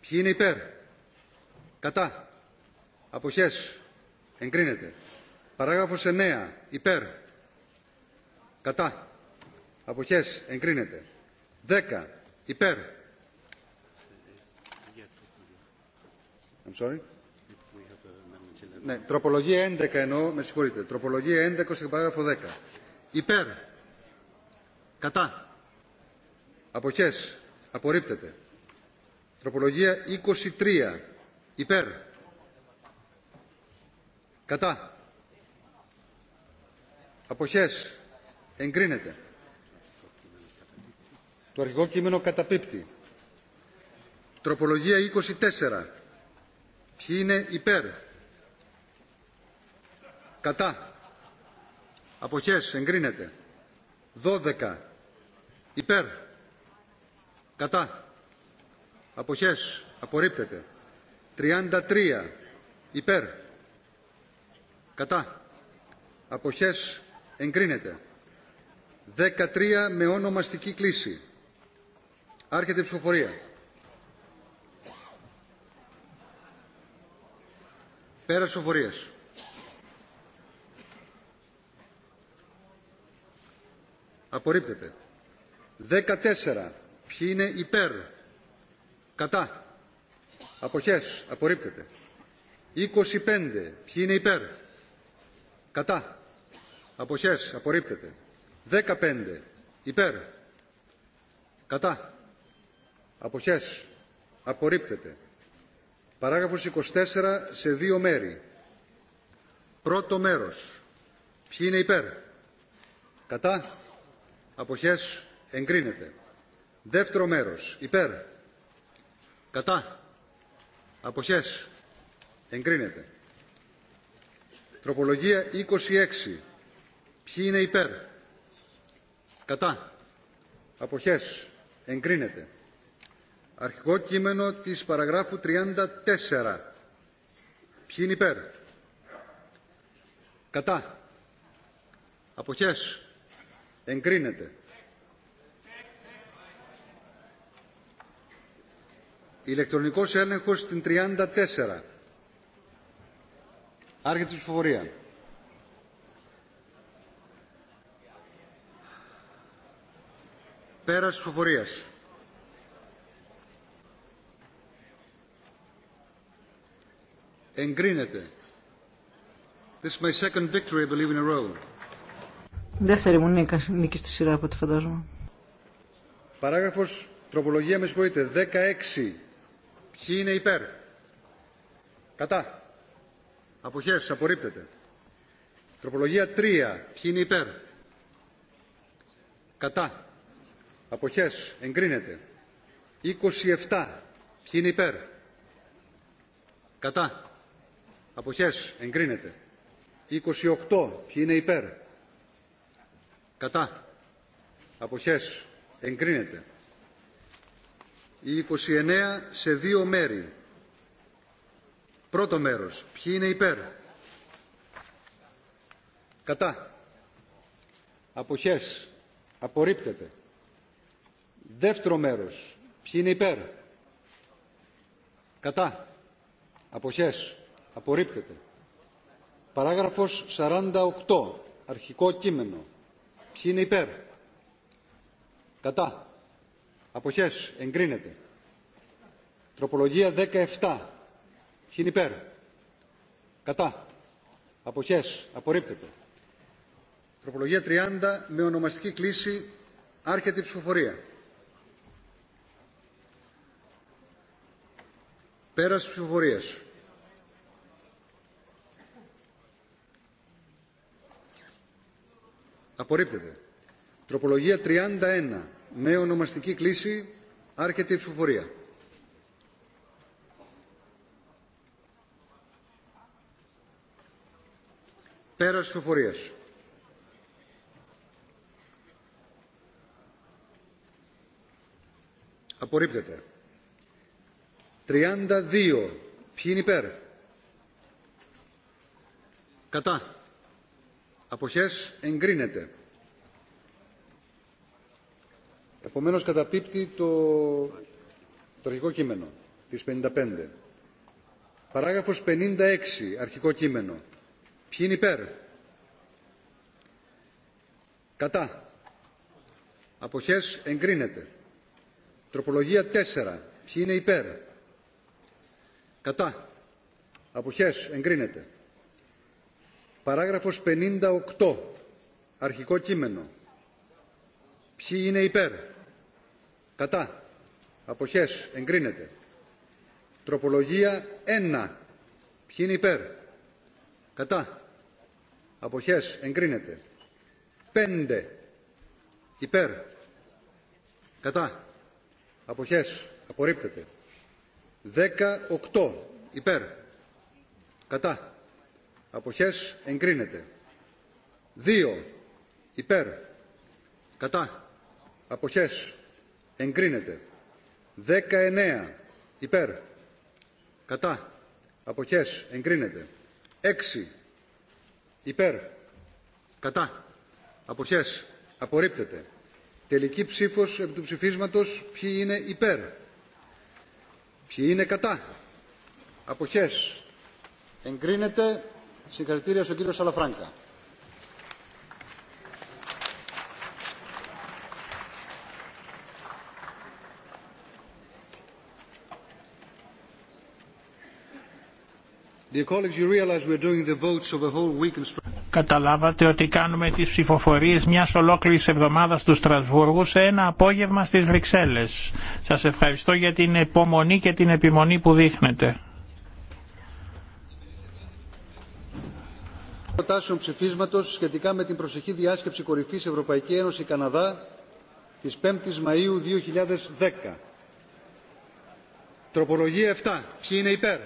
Ποιοι είναι υπέρ. Κατά. Αποχές. Εγκρίνεται. Παράγραφος 9. Υπέρ. Κατά. Αποχές. Εγκρίνεται. 10. Υπέρ. Ναι, τροπολογία 11 εννοώ, με συγχωρείτε. Τροπολογία 11 στην παράγραφο 10. Υπέρ. Κατά. Αποχές. Απορρίπτεται. Τροπολογία 23. Υπέρ. Κατά. Αποχές. Εγκρίνεται. Το αρχικό κείμενο καταπίπτει. Τροπολογία 24. Ποιοι είναι υπέρ. Κατά. Αποχές. Εγκρίνεται. 12. Υπέρ κατά αποχές απορρίπτεται 33 υπέρ κατά αποχές εγκρίνεται 13 με ονομαστική κλίση άρχεται η ψηφοφορία πέρα ψηφοφορίας απορρίπτεται 14 Ποιοι είναι υπέρ. Κατά. Αποχές. Απορρίπτεται. 25. Ποιοι είναι υπέρ. Κατά. Αποχές. Απορρίπτεται. 15. Υπέρ. Κατά. Αποχές. Απορρίπτεται. Παράγραφος 24 σε δύο μέρη. Πρώτο μέρος. Ποιοι είναι υπέρ. Κατά. Αποχές. Εγκρίνεται. Δεύτερο μέρος. Υπέρ. Κατά. Αποχές. Εγκρίνεται. Τροπολογία 26. Ποιοι είναι υπέρ. Κατά. Αποχές. Εγκρίνεται. Αρχικό κείμενο της παραγράφου 34. Ποιοι είναι υπέρ. Κατά. Αποχές. Εγκρίνεται. Ηλεκτρονικός έλεγχος στην 34. Άρχεται η ψηφοφορία. Πέρας ψηφοφορίας. Εγκρίνεται. This is my second victory, I believe, in a row. Δεύτερη μου νίκα, νίκη στη σειρά από ό,τι φαντάζομαι. Παράγραφος, τροπολογία, με συγχωρείτε, 16. Ποιοι είναι υπέρ. Κατά. Αποχές. Απορρίπτεται. Τροπολογία 3. Ποιοι είναι υπέρ. Κατά. Αποχές. Εγκρίνεται. 27. Ποιοι είναι υπέρ. Κατά. Αποχές. Εγκρίνεται. 28. Ποιοι είναι υπέρ. Κατά. Αποχές. Εγκρίνεται. Η 29 σε δύο μέρη. Πρώτο μέρος. Ποιοι είναι υπέρ. Κατά. Αποχές. Απορρίπτεται. Δεύτερο μέρος. Ποιοι είναι υπέρ. Κατά. Αποχές. Απορρίπτεται. Παράγραφος 48. Αρχικό κείμενο. Ποιοι είναι υπέρ. Κατά. Αποχές. Εγκρίνεται. Τροπολογία 17. Χιν Κατά. Αποχές. Απορρίπτεται. Τροπολογία 30 με ονομαστική κλίση άρχεται η ψηφοφορία. Πέρας ψηφοφορίας. Απορρίπτεται. Τροπολογία 31 με ονομαστική κλίση άρχεται η ψηφοφορία. Πέρας ψηφοφορίας. Απορρίπτεται. 32. Ποιοι είναι υπέρ. Κατά. Αποχές εγκρίνεται. Επομένως καταπίπτει το, αρχικό κείμενο της 55. Παράγραφος 56, αρχικό κείμενο. Ποιοι είναι υπέρ. Κατά. Αποχές εγκρίνεται. Τροπολογία 4. Ποιοι είναι υπέρ. Κατά. Αποχές εγκρίνεται. Παράγραφος 58. Αρχικό κείμενο. Ποιοι είναι υπέρ κατά αποχές εγκρίνεται τροπολογία 1 ποιοι είναι υπέρ κατά αποχές εγκρίνεται 5 υπέρ κατά αποχές απορρίπτεται 18 υπέρ κατά αποχές εγκρίνεται 2 υπέρ κατά αποχές εγκρίνεται 19 υπέρ κατά αποχές εγκρίνεται 6 υπέρ κατά αποχές απορρίπτεται τελική ψήφος επί του ψηφίσματος ποιοι είναι υπέρ ποιοι είναι κατά αποχές εγκρίνεται συγχαρητήρια στον κύριο Σαλαφράγκα Καταλάβατε ότι κάνουμε τις ψηφοφορίες μιας ολόκληρης εβδομάδας του Στρασβούργου σε ένα απόγευμα στις Βρυξέλλες. Σας ευχαριστώ για την επομονή και την επιμονή που δείχνετε. Προτάσεων ψηφίσματος σχετικά με την προσεχή διάσκεψη κορυφής Ευρωπαϊκή Ένωση Καναδά της 5ης Μαΐου 2010. Τροπολογία 7. Ποιοι είναι υπέρ.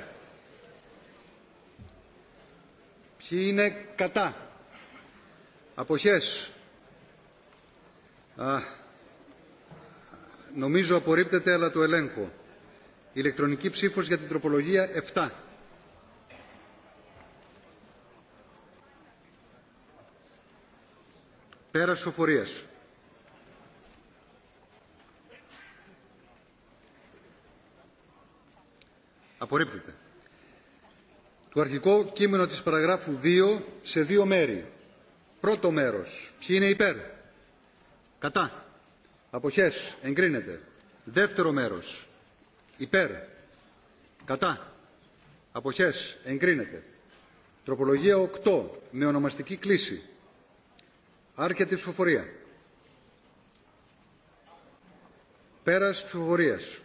Ποιοι είναι κατά. Αποχές. Α, νομίζω απορρίπτεται αλλά το ελέγχω. Ηλεκτρονική ψήφος για την τροπολογία 7. Πέρας σοφορίας. Απορρίπτεται το αρχικό κείμενο της παραγράφου 2 σε δύο μέρη. Πρώτο μέρος. Ποιοι είναι υπέρ. Κατά. Αποχές. Εγκρίνεται. Δεύτερο μέρος. Υπέρ. Κατά. Αποχές. Εγκρίνεται. Τροπολογία 8. Με ονομαστική κλίση. Άρκετη ψηφοφορία. Πέρας ψηφοφορίας.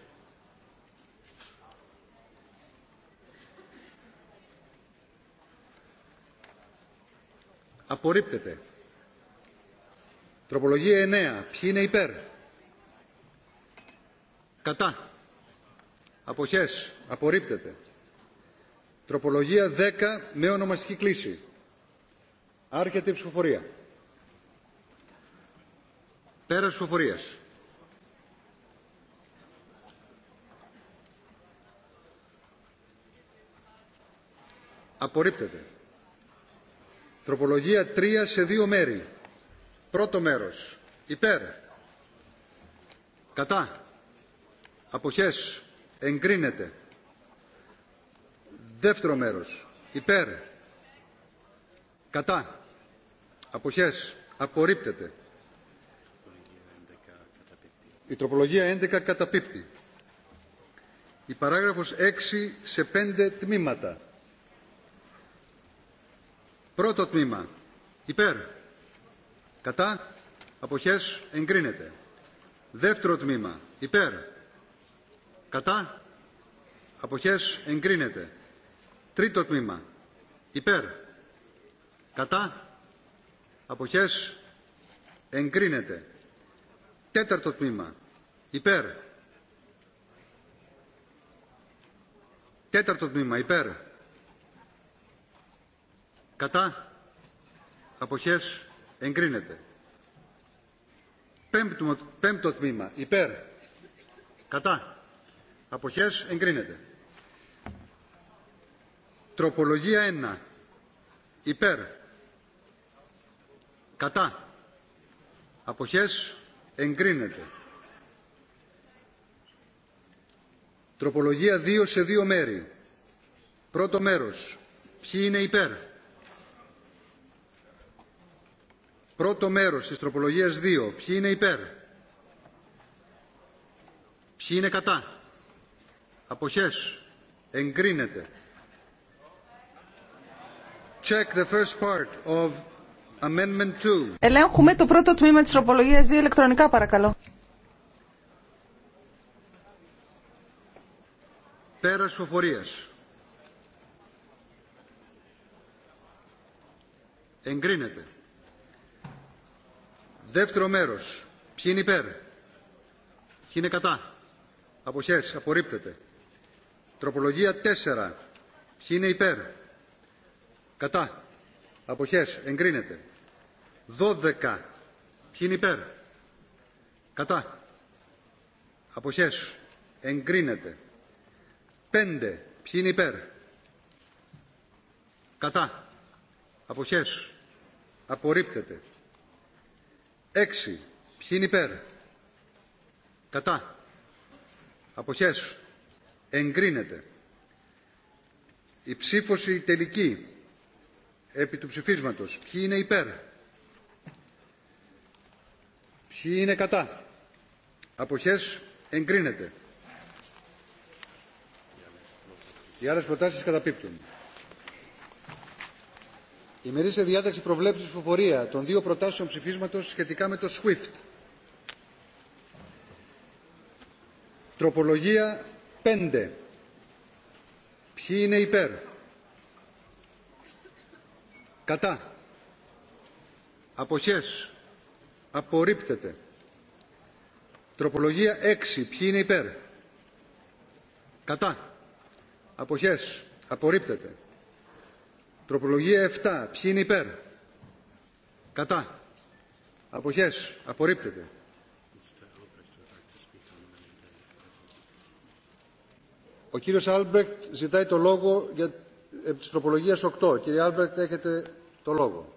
Απορρίπτεται. Τροπολογία 9. Ποιοι είναι υπέρ. Κατά. Αποχές. Απορρίπτεται. Τροπολογία 10 με ονομαστική κλίση. Άρχεται η ψηφοφορία. Πέρας ψηφοφορίας. Απορρίπτεται. Τροπολογία 3 σε δύο μέρη. Πρώτο μέρος. Υπέρ. Κατά. Αποχές. Εγκρίνεται. Δεύτερο μέρος. Υπέρ. Κατά. Αποχές. Απορρίπτεται. Η τροπολογία 11 καταπίπτει. Η παράγραφος 6 σε 5 τμήματα. Πρώτο τμήμα. Υπέρ. Κατά. Αποχές εγκρίνεται. Δεύτερο τμήμα. Υπέρ. Κατά. Αποχές εγκρίνεται. Τρίτο τμήμα. Υπέρ. Κατά. Αποχές εγκρίνεται. Τέταρτο τμήμα. Υπέρ. Τέταρτο τμήμα. Υπέρ Κατά. Αποχές. Εγκρίνεται. Πέμπτο, πέμπτο τμήμα. Υπέρ. Κατά. Αποχές. Εγκρίνεται. Τροπολογία 1. Υπέρ. Κατά. Αποχές. Εγκρίνεται. Τροπολογία 2 σε δύο μέρη. Πρώτο μέρος. Ποιοι είναι υπέρ. Πρώτο μέρος της τροπολογίας 2. Ποιοι είναι υπέρ. Ποιοι είναι κατά. Αποχές. Εγκρίνεται. Check the first part of amendment 2. Ελέγχουμε το πρώτο τμήμα της τροπολογίας 2 ηλεκτρονικά παρακαλώ. Πέρας φοφορίας. Εγκρίνεται. Δεύτερο μέρος. Ποιοι είναι υπέρ. Ποιοι είναι κατά. Αποχές. Απορρίπτεται. Τροπολογία 4. Ποιοι είναι υπέρ. Κατά. Αποχές. Εγκρίνεται. 12. Ποιοι είναι υπέρ. Κατά. Αποχές. Εγκρίνεται. 5. Ποιοι είναι υπέρ. Κατά. Αποχές. Απορρίπτεται. Έξι. Ποιοι είναι υπέρ. Κατά. Αποχές. Εγκρίνεται. Η ψήφωση τελική επί του ψηφίσματος. Ποιοι είναι υπέρ. Ποιοι είναι κατά. Αποχές. Εγκρίνεται. Οι άλλες προτάσεις καταπίπτουν. Η ημερήσια διάταξη προβλέπει ψηφοφορία των δύο προτάσεων ψηφίσματος σχετικά με το SWIFT. Τροπολογία 5. Ποιοι είναι υπέρ. Κατά. Αποχές. Απορρίπτεται. Τροπολογία 6. Ποιοι είναι υπέρ. Κατά. Αποχές. Απορρίπτεται. Τροπολογία 7. Ποιοι είναι υπέρ. Κατά. Αποχές. Απορρίπτεται. Ο κύριος Άλμπρεκτ ζητάει το λόγο για ε, τροπολογία 8. Κύριε Άλμπρεκτ, έχετε το λόγο.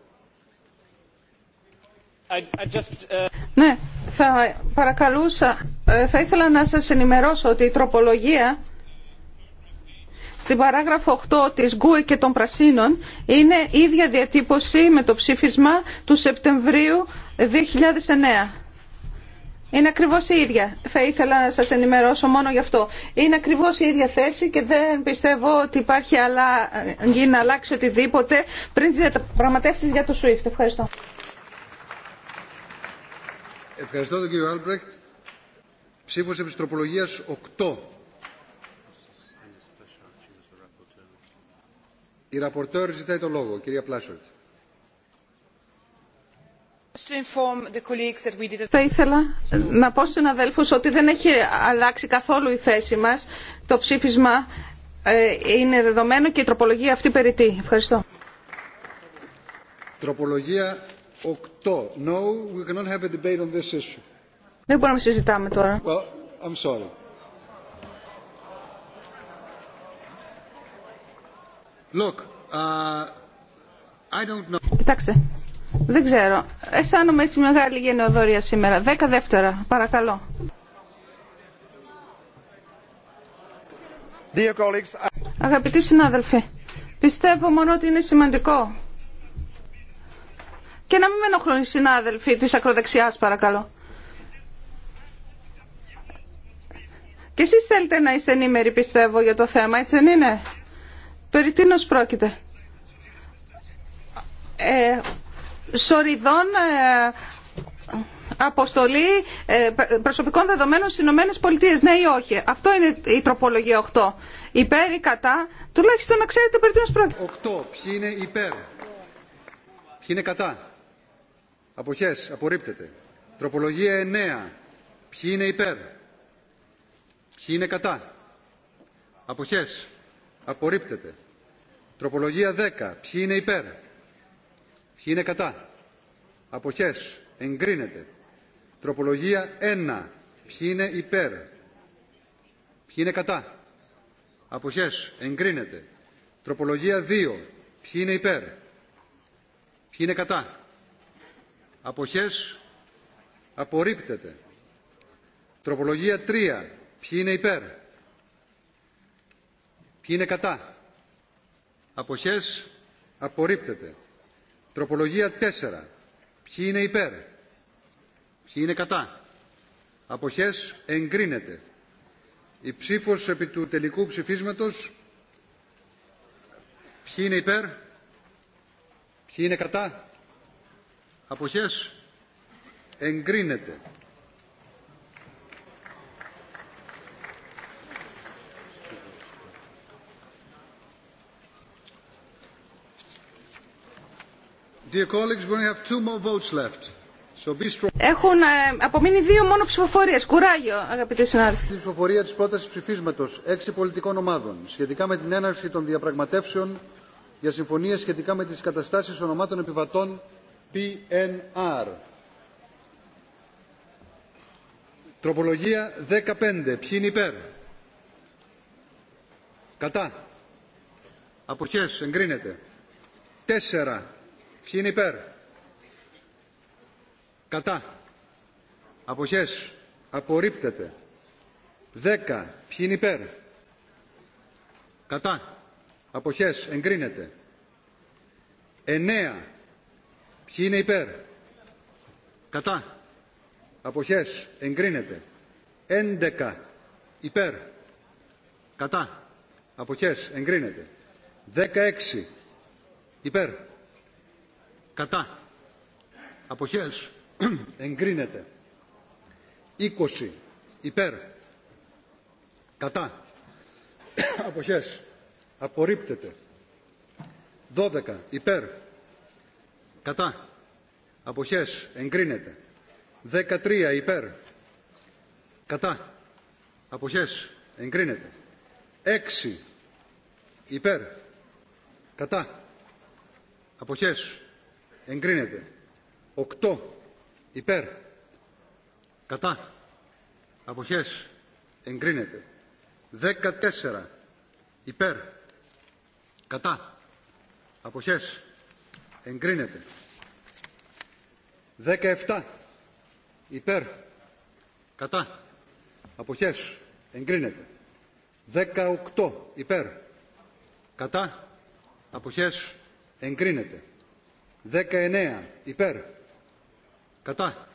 Uh, ναι, θα παρακαλούσα, ε, θα ήθελα να σας ενημερώσω ότι η τροπολογία στην παράγραφο 8 της Γκουε και των Πρασίνων είναι ίδια διατύπωση με το ψήφισμα του Σεπτεμβρίου 2009. Είναι ακριβώς η ίδια. Θα ήθελα να σας ενημερώσω μόνο γι' αυτό. Είναι ακριβώς η ίδια θέση και δεν πιστεύω ότι υπάρχει αλλά, ε, να αλλάξει οτιδήποτε πριν τις διαπραγματεύσει για το SWIFT. Ευχαριστώ. Ευχαριστώ τον κύριο Άλμπρεκτ. Ψήφο Επιστροπολογίας 8 Η ραπορτέρ ζητάει το λόγο. Κυρία Πλάσορτ. Θα ήθελα να πω στους αδέλφους ότι δεν έχει αλλάξει καθόλου η θέση μας. Το ψήφισμα ε, είναι δεδομένο και η τροπολογία αυτή περιττή. Ευχαριστώ. Τροπολογία 8. No, we cannot have a debate on this issue. Δεν μπορούμε να συζητάμε τώρα. Well, I'm sorry. Uh, Κοιτάξτε, δεν ξέρω. Αισθάνομαι έτσι μεγάλη γενναιοδόρια σήμερα. Δέκα δεύτερα, παρακαλώ. Αγαπητοί συνάδελφοι, πιστεύω μόνο ότι είναι σημαντικό. Και να μην με ενοχλούν οι συνάδελφοι της ακροδεξιάς, παρακαλώ. Και εσείς θέλετε να είστε ενήμεροι, πιστεύω, για το θέμα, έτσι δεν είναι. Περί τίνος πρόκειται. Ε, σοριδών ε, αποστολή ε, προσωπικών δεδομένων στι Ηνωμένε Πολιτείε. Ναι ή όχι. Αυτό είναι η τροπολογία 8. Υπέρ ή κατά, τουλάχιστον να ξέρετε περί τίνο πρόκειται. 8. Ποιοι είναι υπέρ. Ποιοι είναι κατά. Αποχές. Απορρίπτεται. Τροπολογία 9. Ποιοι είναι υπέρ. Ποιοι είναι κατά. Αποχές. Απορρίπτεται. Τροπολογία 10. Ποιοι είναι υπέρ. Ποιοι είναι κατά. Αποχές. Εγκρίνεται. Τροπολογία 1. Ποιοι είναι υπέρ. Ποιοι είναι κατά. Αποχές. Εγκρίνεται. Τροπολογία 2. Ποιοι είναι υπέρ. Ποιοι είναι κατά. Αποχές. Απορρίπτεται. Τροπολογία 3. Ποιοι είναι υπέρ. Ποιοι είναι κατά. Αποχές. Απορρίπτεται. Τροπολογία 4. Ποιοι είναι υπέρ. Ποιοι είναι κατά. Αποχές. Εγκρίνεται. Η ψήφος επί του τελικού ψηφίσματος. Ποιοι είναι υπέρ. Ποιοι είναι κατά. Αποχές. Εγκρίνεται. Έχουν απομείνει δύο μόνο ψηφοφορίε. Κουράγιο, αγαπητοί συνάδελφοι. Η ψηφοφορία τη πρόταση ψηφίσματο έξι πολιτικών ομάδων σχετικά με την έναρξη των διαπραγματεύσεων για συμφωνίε σχετικά με τι καταστάσει ονομάτων επιβατών PNR. Τροπολογία 15. Ποιοι είναι υπέρ. Κατά. Αποχές. Εγκρίνεται. 4. Ποιοι είναι υπέρ. Κατά. Αποχές. Απορρίπτεται. Δέκα, Ποιοι είναι υπέρ. Κατά. Αποχές. Εγκρίνεται. Εννέα, Ποιοι είναι υπέρ. Κατά. Αποχές. Εγκρίνεται. Έντεκα, Υπέρ. Κατά. Αποχές. Εγκρίνεται. Δέκα έξι, Υπέρ. Κατά. Αποχές. Εγκρίνεται. 20. Υπέρ. Κατά. Αποχές. Απορρίπτεται. 12. Υπέρ. Κατά. Αποχές. Εγκρίνεται. 13. Υπέρ. Κατά. Αποχές. Εγκρίνεται. 6. Υπέρ. Κατά. Αποχές εγκρίνεται. 8 υπέρ κατά αποχές εγκρίνεται. 14 υπέρ κατά αποχές εγκρίνεται. 17 υπέρ κατά αποχές εγκρίνεται. 18 υπέρ κατά αποχές εγκρίνεται. 19 υπέρ κατά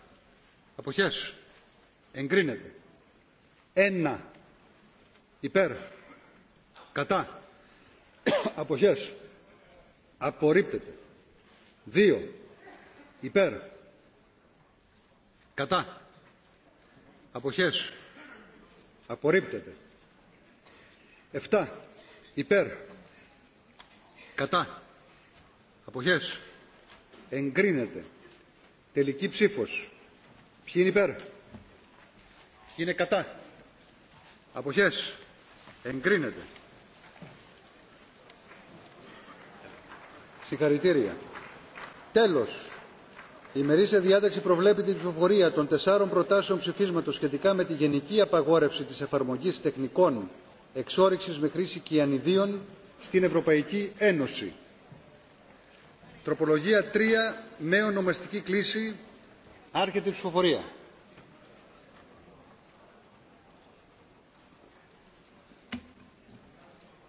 αποχές εγκρίνεται 1 υπέρ κατά αποχές απορρίπτεται 2 υπέρ κατά αποχές απορρίπτεται 7 υπέρ κατά αποχές εγκρίνεται. Τελική ψήφος. Ποιοι είναι υπέρ. Ποιοι είναι κατά. Αποχές. Εγκρίνεται. Συγχαρητήρια. Τέλος. Η μερίσια διάταξη προβλέπει την ψηφοφορία των τεσσάρων προτάσεων ψηφίσματος σχετικά με τη γενική απαγόρευση της εφαρμογής τεχνικών εξόριξης με χρήση κυανιδίων στην Ευρωπαϊκή Ένωση. Τροπολογία 3 με ονομαστική κλίση. Άρχεται η ψηφοφορία.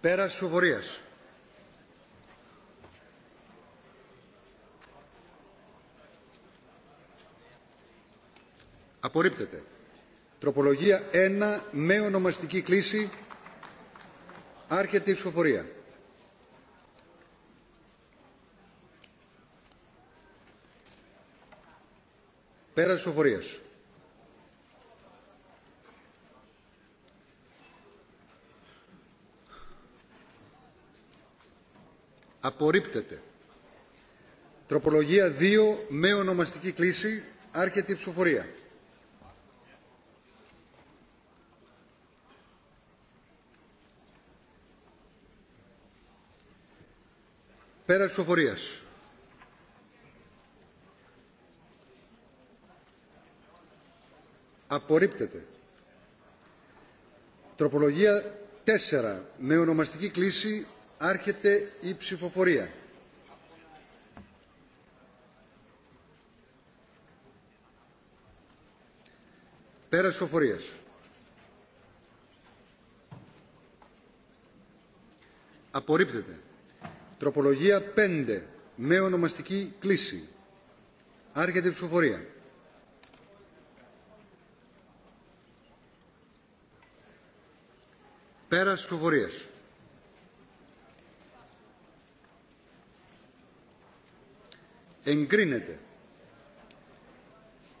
Πέρας ψηφοφορίας. Απορρίπτεται. Τροπολογία 1 με ονομαστική κλίση. Άρχεται η ψηφοφορία. Πέρα της οφορίας. Απορρίπτεται. Τροπολογία 2 με ονομαστική κλίση. Άρχεται η ψηφοφορία. Πέρα της ψηφοφορίας. Απορρίπτεται. Τροπολογία 4. Με ονομαστική κλίση άρχεται η ψηφοφορία. Πέρας ψηφοφορίας. Απορρίπτεται. Τροπολογία 5. Με ονομαστική κλίση. Άρχεται η ψηφοφορία. Πέρας ψηφοφορίας. Εγκρίνεται.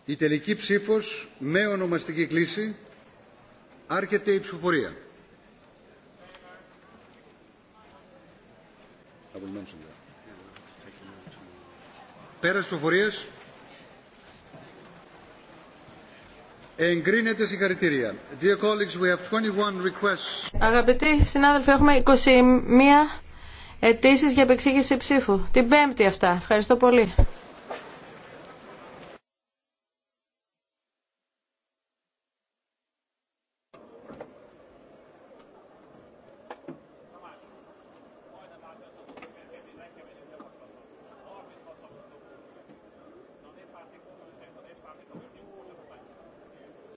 Η τελική ψήφος με ονομαστική κλίση άρχεται η ψηφοφορία. Πέρας ψηφοφορίας. Αγαπητοί συνάδελφοι, έχουμε 21 αιτήσει για επεξήγηση ψήφου. Την πέμπτη αυτά. Ευχαριστώ πολύ.